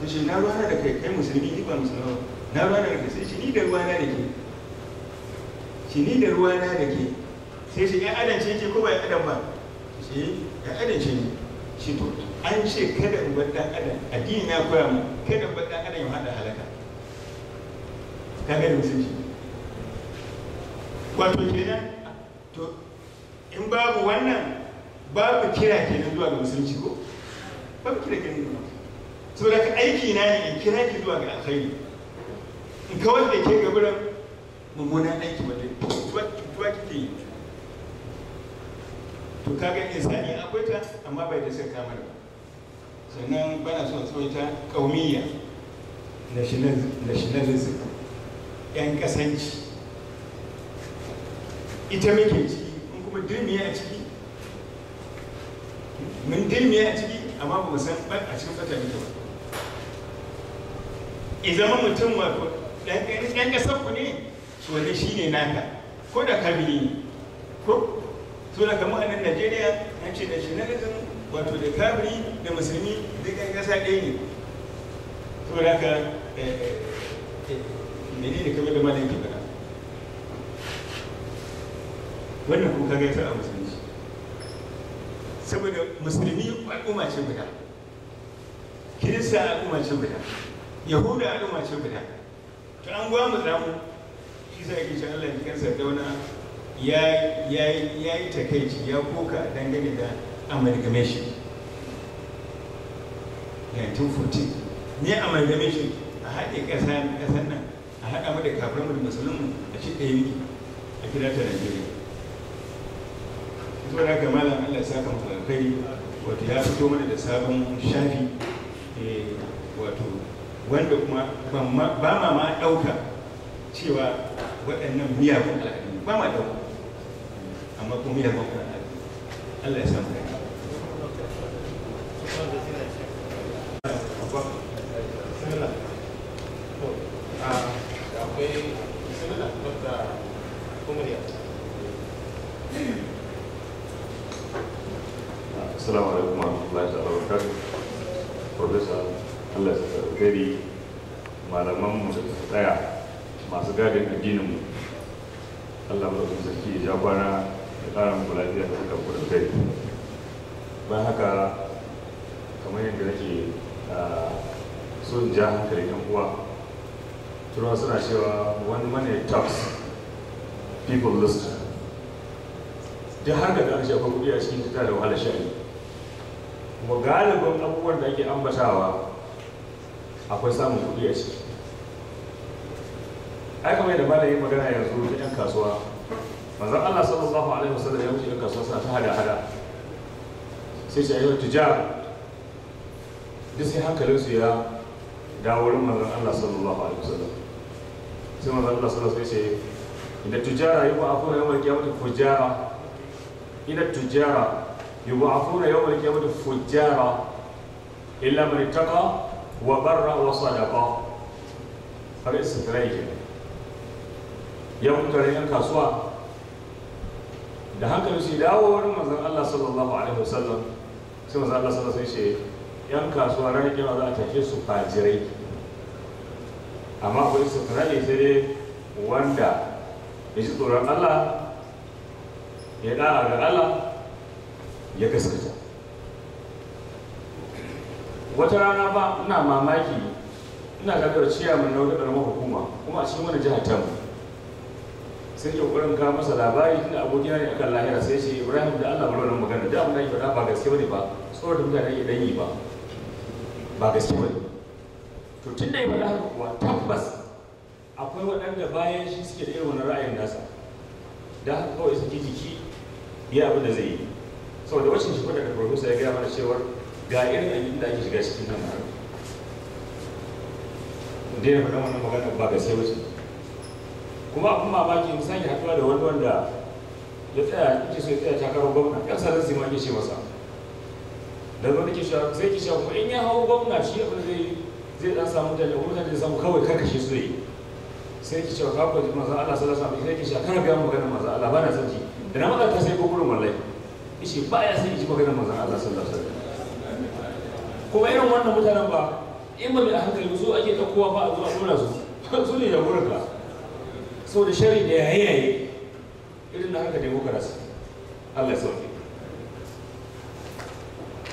ta ce na ruwana da kai kai musulmi ni ba musulman na ruwana da kai sai ce ni da ruwana da ke ce ni da ruwana da ke sai ce ya adam ce ce ko ba ya adam ba ce ya eh, adam ce ne shi to an ce kada in bar dan adam addini na koya mu kada in bar dan adam ya hada halaka ka da musulmi wato kenan in babu wannan babu kira kenan zuwa ga musulunci ko babu kira kenan zuwa saboda ka aiki na ne in kira ki zuwa ga alkhairi in ka wanda ke gaburan mummunan aiki wanda tuwa kike yi to kaga insani akwai ta amma bai da sai kamar ba sannan bana son tsawaita kaumiyya nationalism yan kasanci ita muke ci kun dirmiye a ciki mun dirmiye a ciki amma ba mu san a cikin fata ne ba in mutum wato ɗan ƙasar ku ne to wannan shine naka ko da kabili ne ko to da kamar a nan Najeriya an ce da nationalism wato da kabiri da musulmi duk ɗan ƙasa ɗaya ne to da ka eh, eh, eh, menene kamar da malam wannan kuka ga yasa a musulunci saboda musulmi al'umma ce guda kirista al'umma ce guda yahuda al'umma ce guda to an mu zamu shi sa yake cewa Allah ya kansa dauna ya ya ya yi takeici ya koka dangane da amalgamation ya 1914 ne amalgamation a haɗe ƙasa ƙasar nan a haɗa mu da kafin mu da musulmi a ci ɗaya a kira ta Najeriya to da ga malam Allah ya saka mu alkhairi wato ya fito mana da sabon shafi eh, wato wanda kuma ba ma ma ɗauka cewa waɗannan miyagun al'adu ba ma ɗauka amma kuma miyagun al'adu Allah ya samu galibin abubuwan da ake ambatawa akwai samun kuɗi a ciki ai kamar yadda malam yi magana yanzu ta yan kasuwa manzon Allah sallallahu alaihi wasallam ya wuce yan kasuwa suna ta hada hada sai ce ayyuka tijara duk sai hankalin su ya dawo wurin manzon Allah sallallahu alaihi wasallam sai manzon Allah sallallahu alaihi wasallam ya ce idan tujara yi ba a kuma yawan kiyamata fujara idan tujara yub'athuna yawmal qiyamati fujjara illa man ittaqa wa barra wa sadaqa har istitrai ke yau tare yan kasuwa da hankali su dawo wurin manzon Allah sallallahu alaihi wasallam sai manzon Allah yan kasuwa ranar za a tafi su fajirai amma ko istitrai sai dai wanda ya ji tsoron Allah ya da'a ga Allah ya gaskata wata rana ba ina mamaki ina ciyar mai na wata ƙaramar hukuma kuma a cikin wani jihar tamu sai ke ƙoƙarin kawo masa labari tun abokina ne akan lahira sai ce ibrahim da allah bari magana da abin da yake faɗa ba gaske wani ba tsoron da mutane ya yi ba ba gaske wani. to tun da yi faɗa haka kuwa tabbas akwai waɗanda bayan shi suke da irin wani ra'ayin nasa da haka kawai su ji jiki biya abin da zai yi saboda wacin shi da profesa ya gaya mana cewar ga irin ayyukan da ake shiga cikin nan mara da ya faɗa wannan magana ba ga sai wasu kuma abin mamaki mu sake haɗuwa da wani wanda ya tsaya yake so ya tsaya takarar gwamna ɗan sarar zima yake ce masa da zo nake cewa sai ki kuma in ya hau gwamna shi abin zai zai dan samu mutane ko mutane da samu kawai karkashe su yi sai ki cewa ka ko maza Allah sallallahu alaihi wasallam sai ki cewa kana ga magana maza Allah ba na sanki da na maza ta sai ko gurin wallahi ishe ba ya sai iji maganar manzon Allah sallallahu alaihi wasallam kuma irin wannan mutanen ba in ba mai a hankali su ake ta kowa ba a zuwa suna su [laughs] su ne da wurin ka so da shari da ya yayaye irin da haka demokarasi Allah ya sauke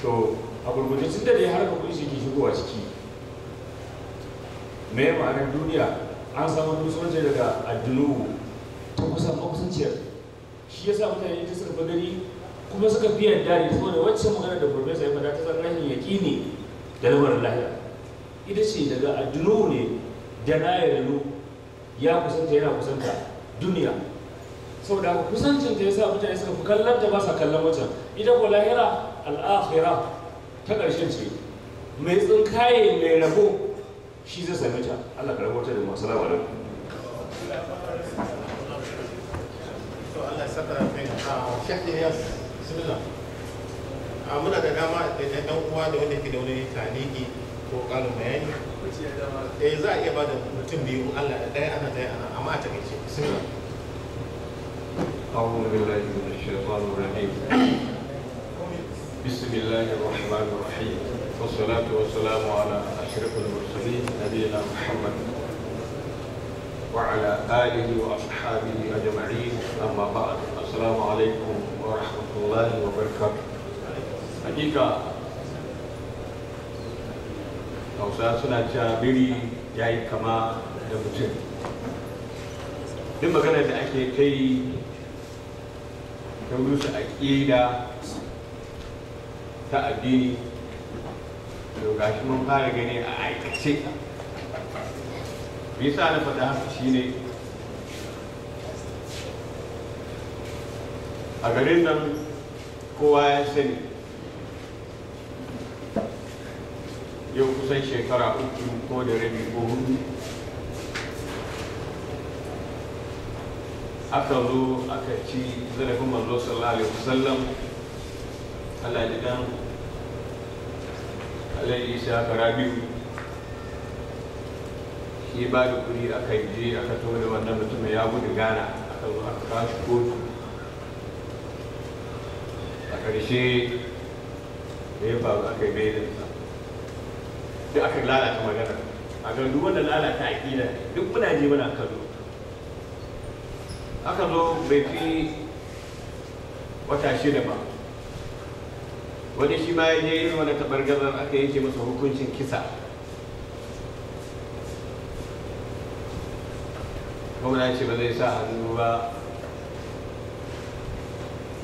to a gurguje tun da dai har ka kuɗi shi shigowa ciki me ma'anar duniya an samu dusonce daga addinu ta kusan makusanciyar shi yasa mutane ta sarfa gani kuma suka fi yarda da saboda waccan magana da profesa ya fada ta san rahin ne da lamarin lahiya ita ce daga addunu ne da na yarda ya kusanta yana kusanta duniya saboda da kusancin ta yasa mutane suka fi kallon ta ba sa kallon waccan ita ko lahira al'akhira ta ƙarshen ce mai tsinkaye mai rabo shi zai sami ta Allah ka rabota da masu rawa da Allah bismillah a ah, muna da dama da ɗan uwa da wanda ke da wani taliki ko ƙarin bayani eh za a iya ba da mutum biyu Allah da ɗaya ana ɗaya ana amma a takaice bismillah أعوذ بالله من الشيطان الرجيم بسم الله الرحمن الرحيم والصلاة والسلام على أشرف المرسلين نبينا محمد وعلى آله وأصحابه أجمعين أما بعد السلام عليكم wa rahmatullahi hakika hausa suna cewa biri ya yi kama da mutum duk magana da ake ta yi ta aƙida ta addini to gashi mun fara gani a aikace bisa na faɗa haka shine a garin nan kowa ya sani yau kusan shekara uku ko da rabi ko hudu aka zo aka ci zarafin manzo sallallahu alaihi wasallam Allah ji dan ya isa karabiu shi ba da kuri aka je aka to da wannan mutumin ya gudu gana aka zo aka kashi kotu karshe da ya faru aka yi bailinsa sai aka lalata magana a kan duk wanda lalata aƙida duk muna je muna kallo aka zo bai fi wata shida ba wani shi ma ya je irin wani gazar aka yanke masa hukuncin kisa na ce ba zai sa hannu ba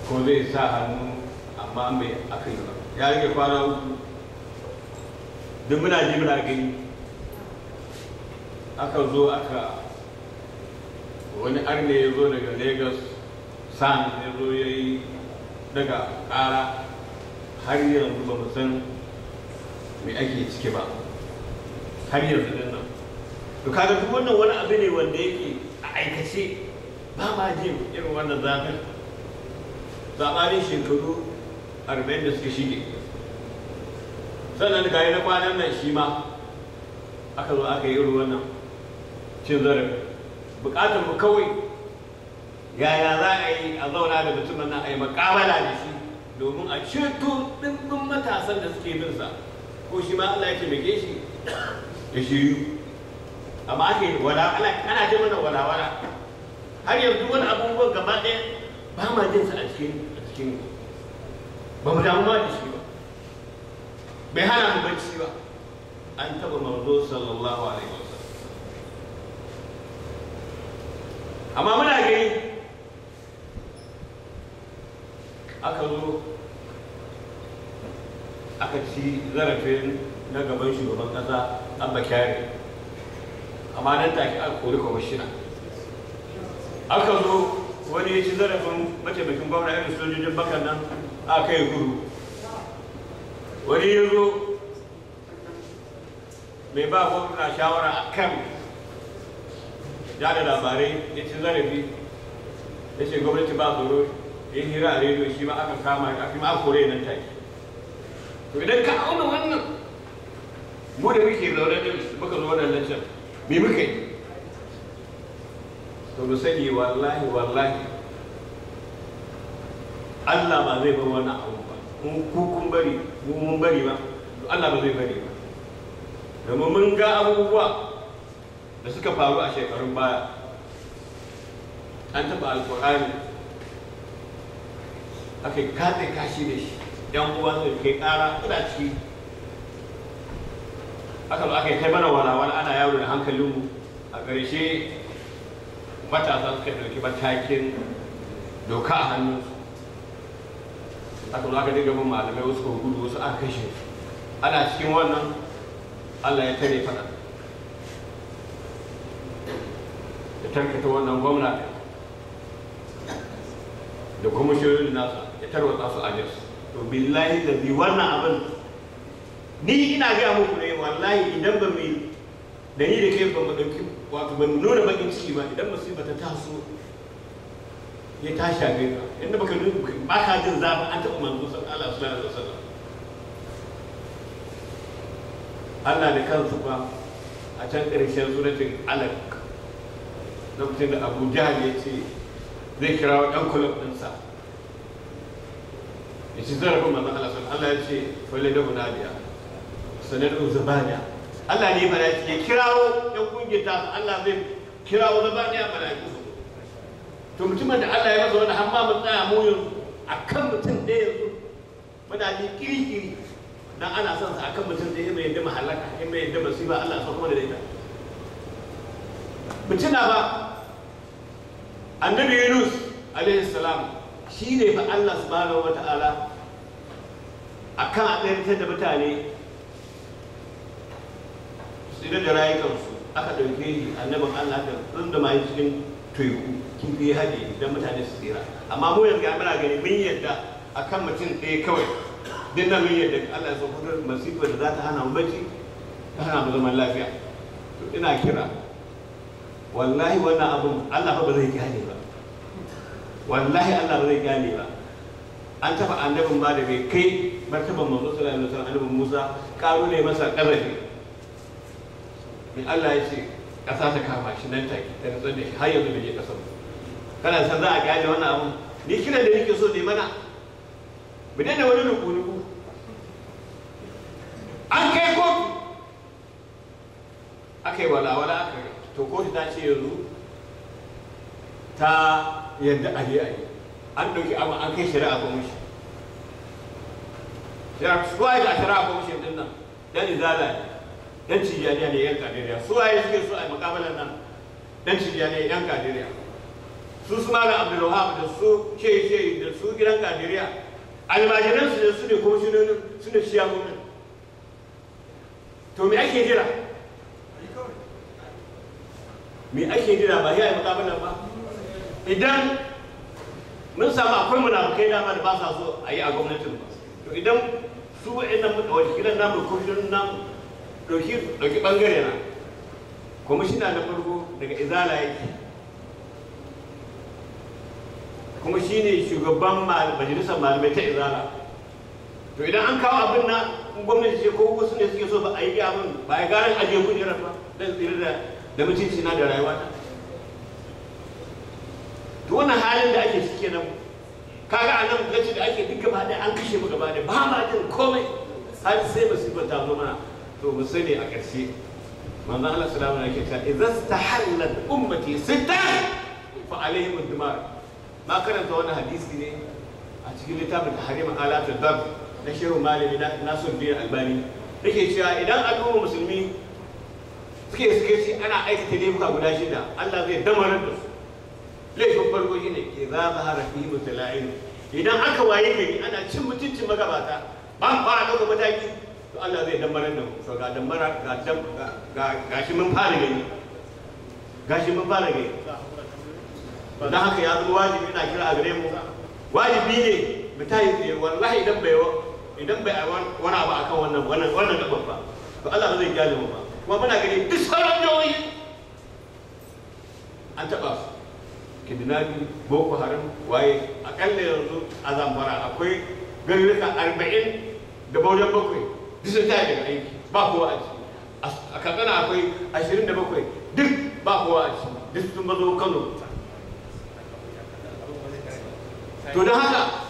ko zai sa hannu amma an bai akan yi ba ya rage kwana uku duk muna ji muna gani aka zo aka wani arne ya zo daga lagos san ya zo ya yi daga ƙara har yanzu ba mu san me ake ciki ba har yanzu nan nan to kaga duk wannan wani abu ne wanda yake a aikace ba ma jin irin wannan zafin zaɓanin shekaru arba'in da suka shige sannan ga yi na kwanan nan shi ma aka zo aka yi ruwan nan cin zarafi bukatar mu kawai yaya za a yi a zauna da mutumin nan a yi makamala da shi domin a ceto ɗimbin matasan da suke bin sa ko shi ma Allah ya taimake shi amma aka yi wala ana ce mana walawala har yanzu wani abubuwan gaba ɗaya ba ma jin a cikin ba mu damu ba da shi ba bai hana mu bacci ba an taba manzo sallallahu alaihi wasallam amma muna gani aka zo aka ci zarafin na gaban shugaban kasa abba kyare amma nan take aka kori kwamishina aka zo wani ya ci zarafin mataimakin gwamna irin sojojin bakan nan A kai gudu wani ya zo mai ba gwamna shawara a kan da labarai ya ci zarafi ya ce gwamnati ba tsoro ya hira a rediyo shi ma aka kama ya fi ma kore nan take to idan ka auna wannan mu da muke zaune da muka zo wannan lantar me muka yi to mu sani wallahi wallahi Allah ba zai bar wannan abu ba mu ku kun bari mu mun bari ba Allah ba zai bari ba domin mun ga abubuwa da suka faru a shekarun baya an taɓa alƙur'ani aka katse kashi da shi yan uwa su kai ƙara ina ci aka zo aka kai mana walawala ana yaro da hankalinmu a ƙarshe matasa suka ɗauki matakin doka a hannunsu aka zo aka dinga bin malamai wasu ko gudu wasu aka kashe su ana cikin wannan allah ya tare fada ya tankata wannan gwamna da kuma shirin nasa ya tarwata su a jesu to billahi da bi wannan abin ni ina gaya muku ne wallahi idan ba mu da ni da kai ba mu ɗauki wato ba mu nuna bakin ciki ba idan musiba ta taso ya ta shafe ka inda baka ba ka jin zafi an taɓa manzo sallallahu alaihi wasallam Allah da kansu ba a can ƙarshen alaƙ na mutum da Abu Jahal ya ce zai kira wa ɗan kulub ɗinsa ya ci zarafin manzon Allah sallallahu Allah ya ce falle da munadiya sanar uzabaniya Allah ne malaiku ya kirawo ɗan kungiyar ta Allah zai kirawo zabaniya kusa to mutumin da Allah ya zo wani har mu tsaya mu yanzu akan mutum ɗaya yanzu muna ji kirkiri dan ana son sa akan mutum ya mai yadda mahallaka in mai yadda masifa Allah ya sauka da ita mutuna ba annabi Yunus alaihi salam shi ne fa Allah subhanahu wata'ala akan a ta da mutane su da rayukansu aka ɗauke shi annabin Allah da tsun mai cikin teku kifi ya haɗe don mutane su tsira amma mu yanzu ga muna gani mun yadda a kan mutum ɗaya kawai duk nan mun yadda Allah ya so kudar masifar da za ta hana mu bacci ta hana mu zaman lafiya to ina kira wallahi wannan abun Allah ba zai gane ba wallahi Allah ba zai gane ba an taɓa annabin ba da bai kai martaban manzo sallallahu alaihi wasallam annabin Musa karu ne masa ƙarfi Ni Allah ya ce ƙasa ta kama shi nan take ta nutsar da shi har yanzu bai je ƙasar ba kana san za a kyale wannan abu ni kiran da nake so ne mana mu daina wani ruku an kai ko aka yi walawala aka to kotu ta ce yanzu ta yadda a yi an ɗauki abu an kai shari'a ko mushi suwaye da shari'a ko mushi din nan dan izala ne dan cijiyaniya ne yan kadiriya suwaye suke so a makabalan nan dan ne yan kadiriya su su malam abdulwahab da su ke da su gidan kadiriya almajiran su da su ne ko su ne shiya mun to me ake jira me ake jira ba ya yi mukabala ba idan mun samu akwai munafukai dama da ba sa so a yi a gwamnatin ba to idan su wa'annan mutawar gidan namu ko shirin namu dauki bangare na kwamishina na farko daga izala yake kuma shi ne shugaban majalisar malamai ta izala to idan an kawo abin na gwamnati ce ko wasu ne suke so ba a yi abin ba ya a ajiye kujerar ba zan tsira da da mutunci na da rayuwa ta to wannan halin da ake cike nan kaga a nan gaci da ake ba gaba an kashe mu gaba da ba ma jin komai har sai musibar ta zo mana to mu sani a ƙarshe manzon Allah sallallahu alaihi wasallam yake cewa ta stahallat ummati sitta fa alaihim ad-dimar makaranta karanta hadisi ne a cikin littafin tahrim alatul bab na shehu malami nasiruddin albani nake cewa idan al'ummar musulmi suke suke ci ana aikata laifuka guda shida Allah zai damarar da su laifin farko shine ke za ka hara fi mutala'in idan aka waye gari ana cin mutuncin magabata ba ba a ɗauka mataki to Allah zai damarar da mu ga damara mun fara gani don haka ya zama wajibi na kira a gare mu wajibi ne mu tayi tsaye wallahi idan bai idan bai wani abu akan wannan wannan wannan gaban ba to Allah ba zai gyale mu ba kuma muna gani duk sauran jawoyi an taba su kidnabi boko haram waye akalla yanzu a zamfara akwai garuruka arba'in da baujan bakwai duk sun taya daga aiki ba kowa a ciki a kankana akwai ashirin da bakwai duk ba kowa a ciki duk sun bazo kano to don haka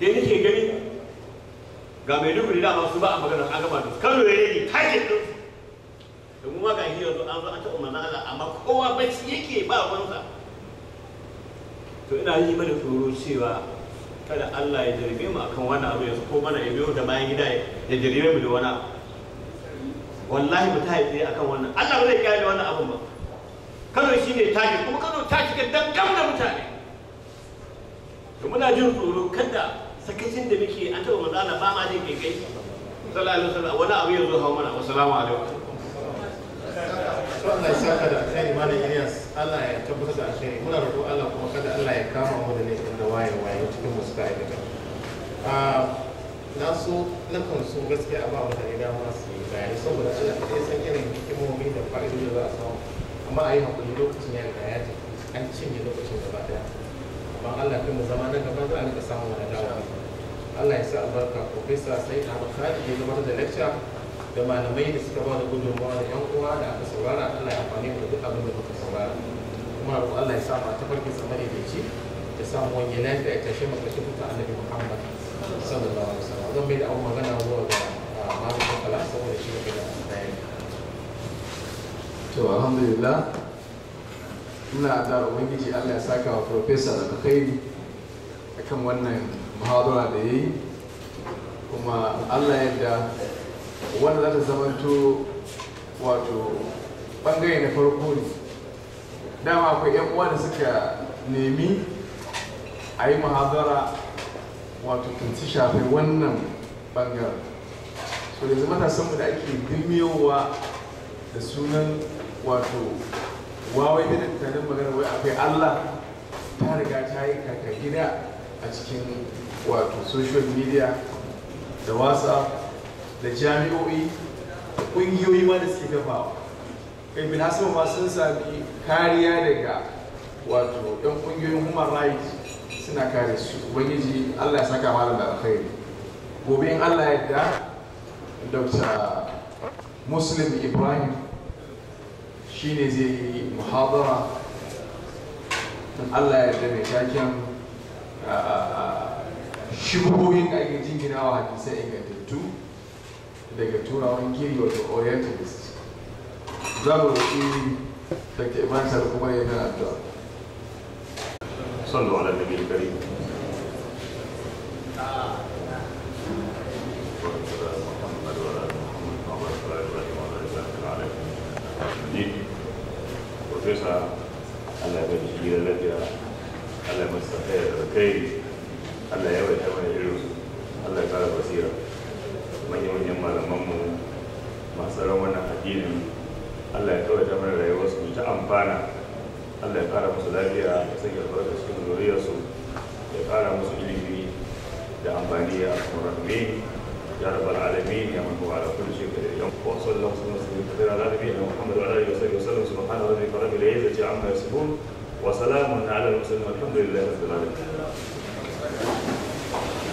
sai nake gani ga da ba su ba a magana an gama da kano ya rage kajin ɗin da kuma ga shi yanzu an zo an taɓa manzan Allah amma kowa bacci yake ba wanda to ina yi mana tsoro cewa kada Allah ya jirge mu akan wannan abu yanzu ko mana ya biyo da bayan gida ya jirge mu da wani wallahi mu ta haife akan wannan Allah ba zai kiyaye wannan abun ba kano shine tashi kuma kano ta ga dangam da mutane muna jin tsoro kada sakacin da muke an taɓa matsala Allah ba ma jin kai sallallahu alaihi wasallam wani abu yanzu hawo mana assalamu alaikum Allah ya saka da alkhairi malam Ilyas Allah ya tabbatar da alkhairi muna roƙo Allah kuma kada Allah ya kama mu da laifin da waye waye cikin musu ka aikata ah, na so na kan so gaskiya a ba mutane dama su yi bayani saboda Allah ya san irin hikimomi da fa'idodi da za a samu amma a yi hakuri lokacin ya riga ya tafi an cinye lokacin gaba daya ban Allah kai mu zama nan gaba za a rika samun wadatawa Allah ya sa albarka profesa sai da Khalid ya gabatar da lecture da malamai da suka ba da gudunmawa da yan uwa da aka saurara Allah ya amfani da duk abin da muka saurara kuma roƙo Allah ya sa ma tafarkin sa mai dace ya sa mu wani lafiya ya tashi maka shi kuta Annabi Muhammad sallallahu alaihi wasallam zan mai da abu magana zuwa ga ah, malamin kala saboda shi da bayani to alhamdulillah ina da ubangiji allah ya saka wa profesa da alkhairi akan wannan muhadara da ya kuma allah yadda wanda za ta zamanto wato bangare na farko ne dama akwai yan uwa da suka nemi ayi yi muhadara wato tunci shafi wannan bangare so ta samu da ake girmiyowa da sunan wato wawai da tunanin magana wai akwai allah ta riga ta yi kaka gida a cikin wato social media da whatsapp da jami'o'i da ƙungiyoyi ma da suke kafawa kai bin ma sun sami kariya daga wato yan ƙungiyoyin human rights suna kare su ubangiji allah ya saka malam da alkhairi gobe in allah ya yarda dr muslim ibrahim Shi ne zai yi muhabara in allah ya da taken shigogoyin da ake jingina wa hadisai ingantattu daga turawan giri wato orientalist za mu roƙi dr iman sarkuma ya kan addu'a sallu ala nabi karim ah. masa Allah ya shi gida lafiya Allah ya masa kai Allah ya wata mana Allah ya kara basira manyan masu Allah ya ta amfana Allah ya kara musu lafiya ya albarka cikin ya kara musu ilimi da amfani ya يا رب العالمين يا من هو على كل شيء قدير وصلى الله وسلم وسلم كثيرا على نبينا محمد وعلى اله وصحبه وسلم سبحان ربي فرب العزه عما يصفون وسلام على المرسلين والحمد لله رب العالمين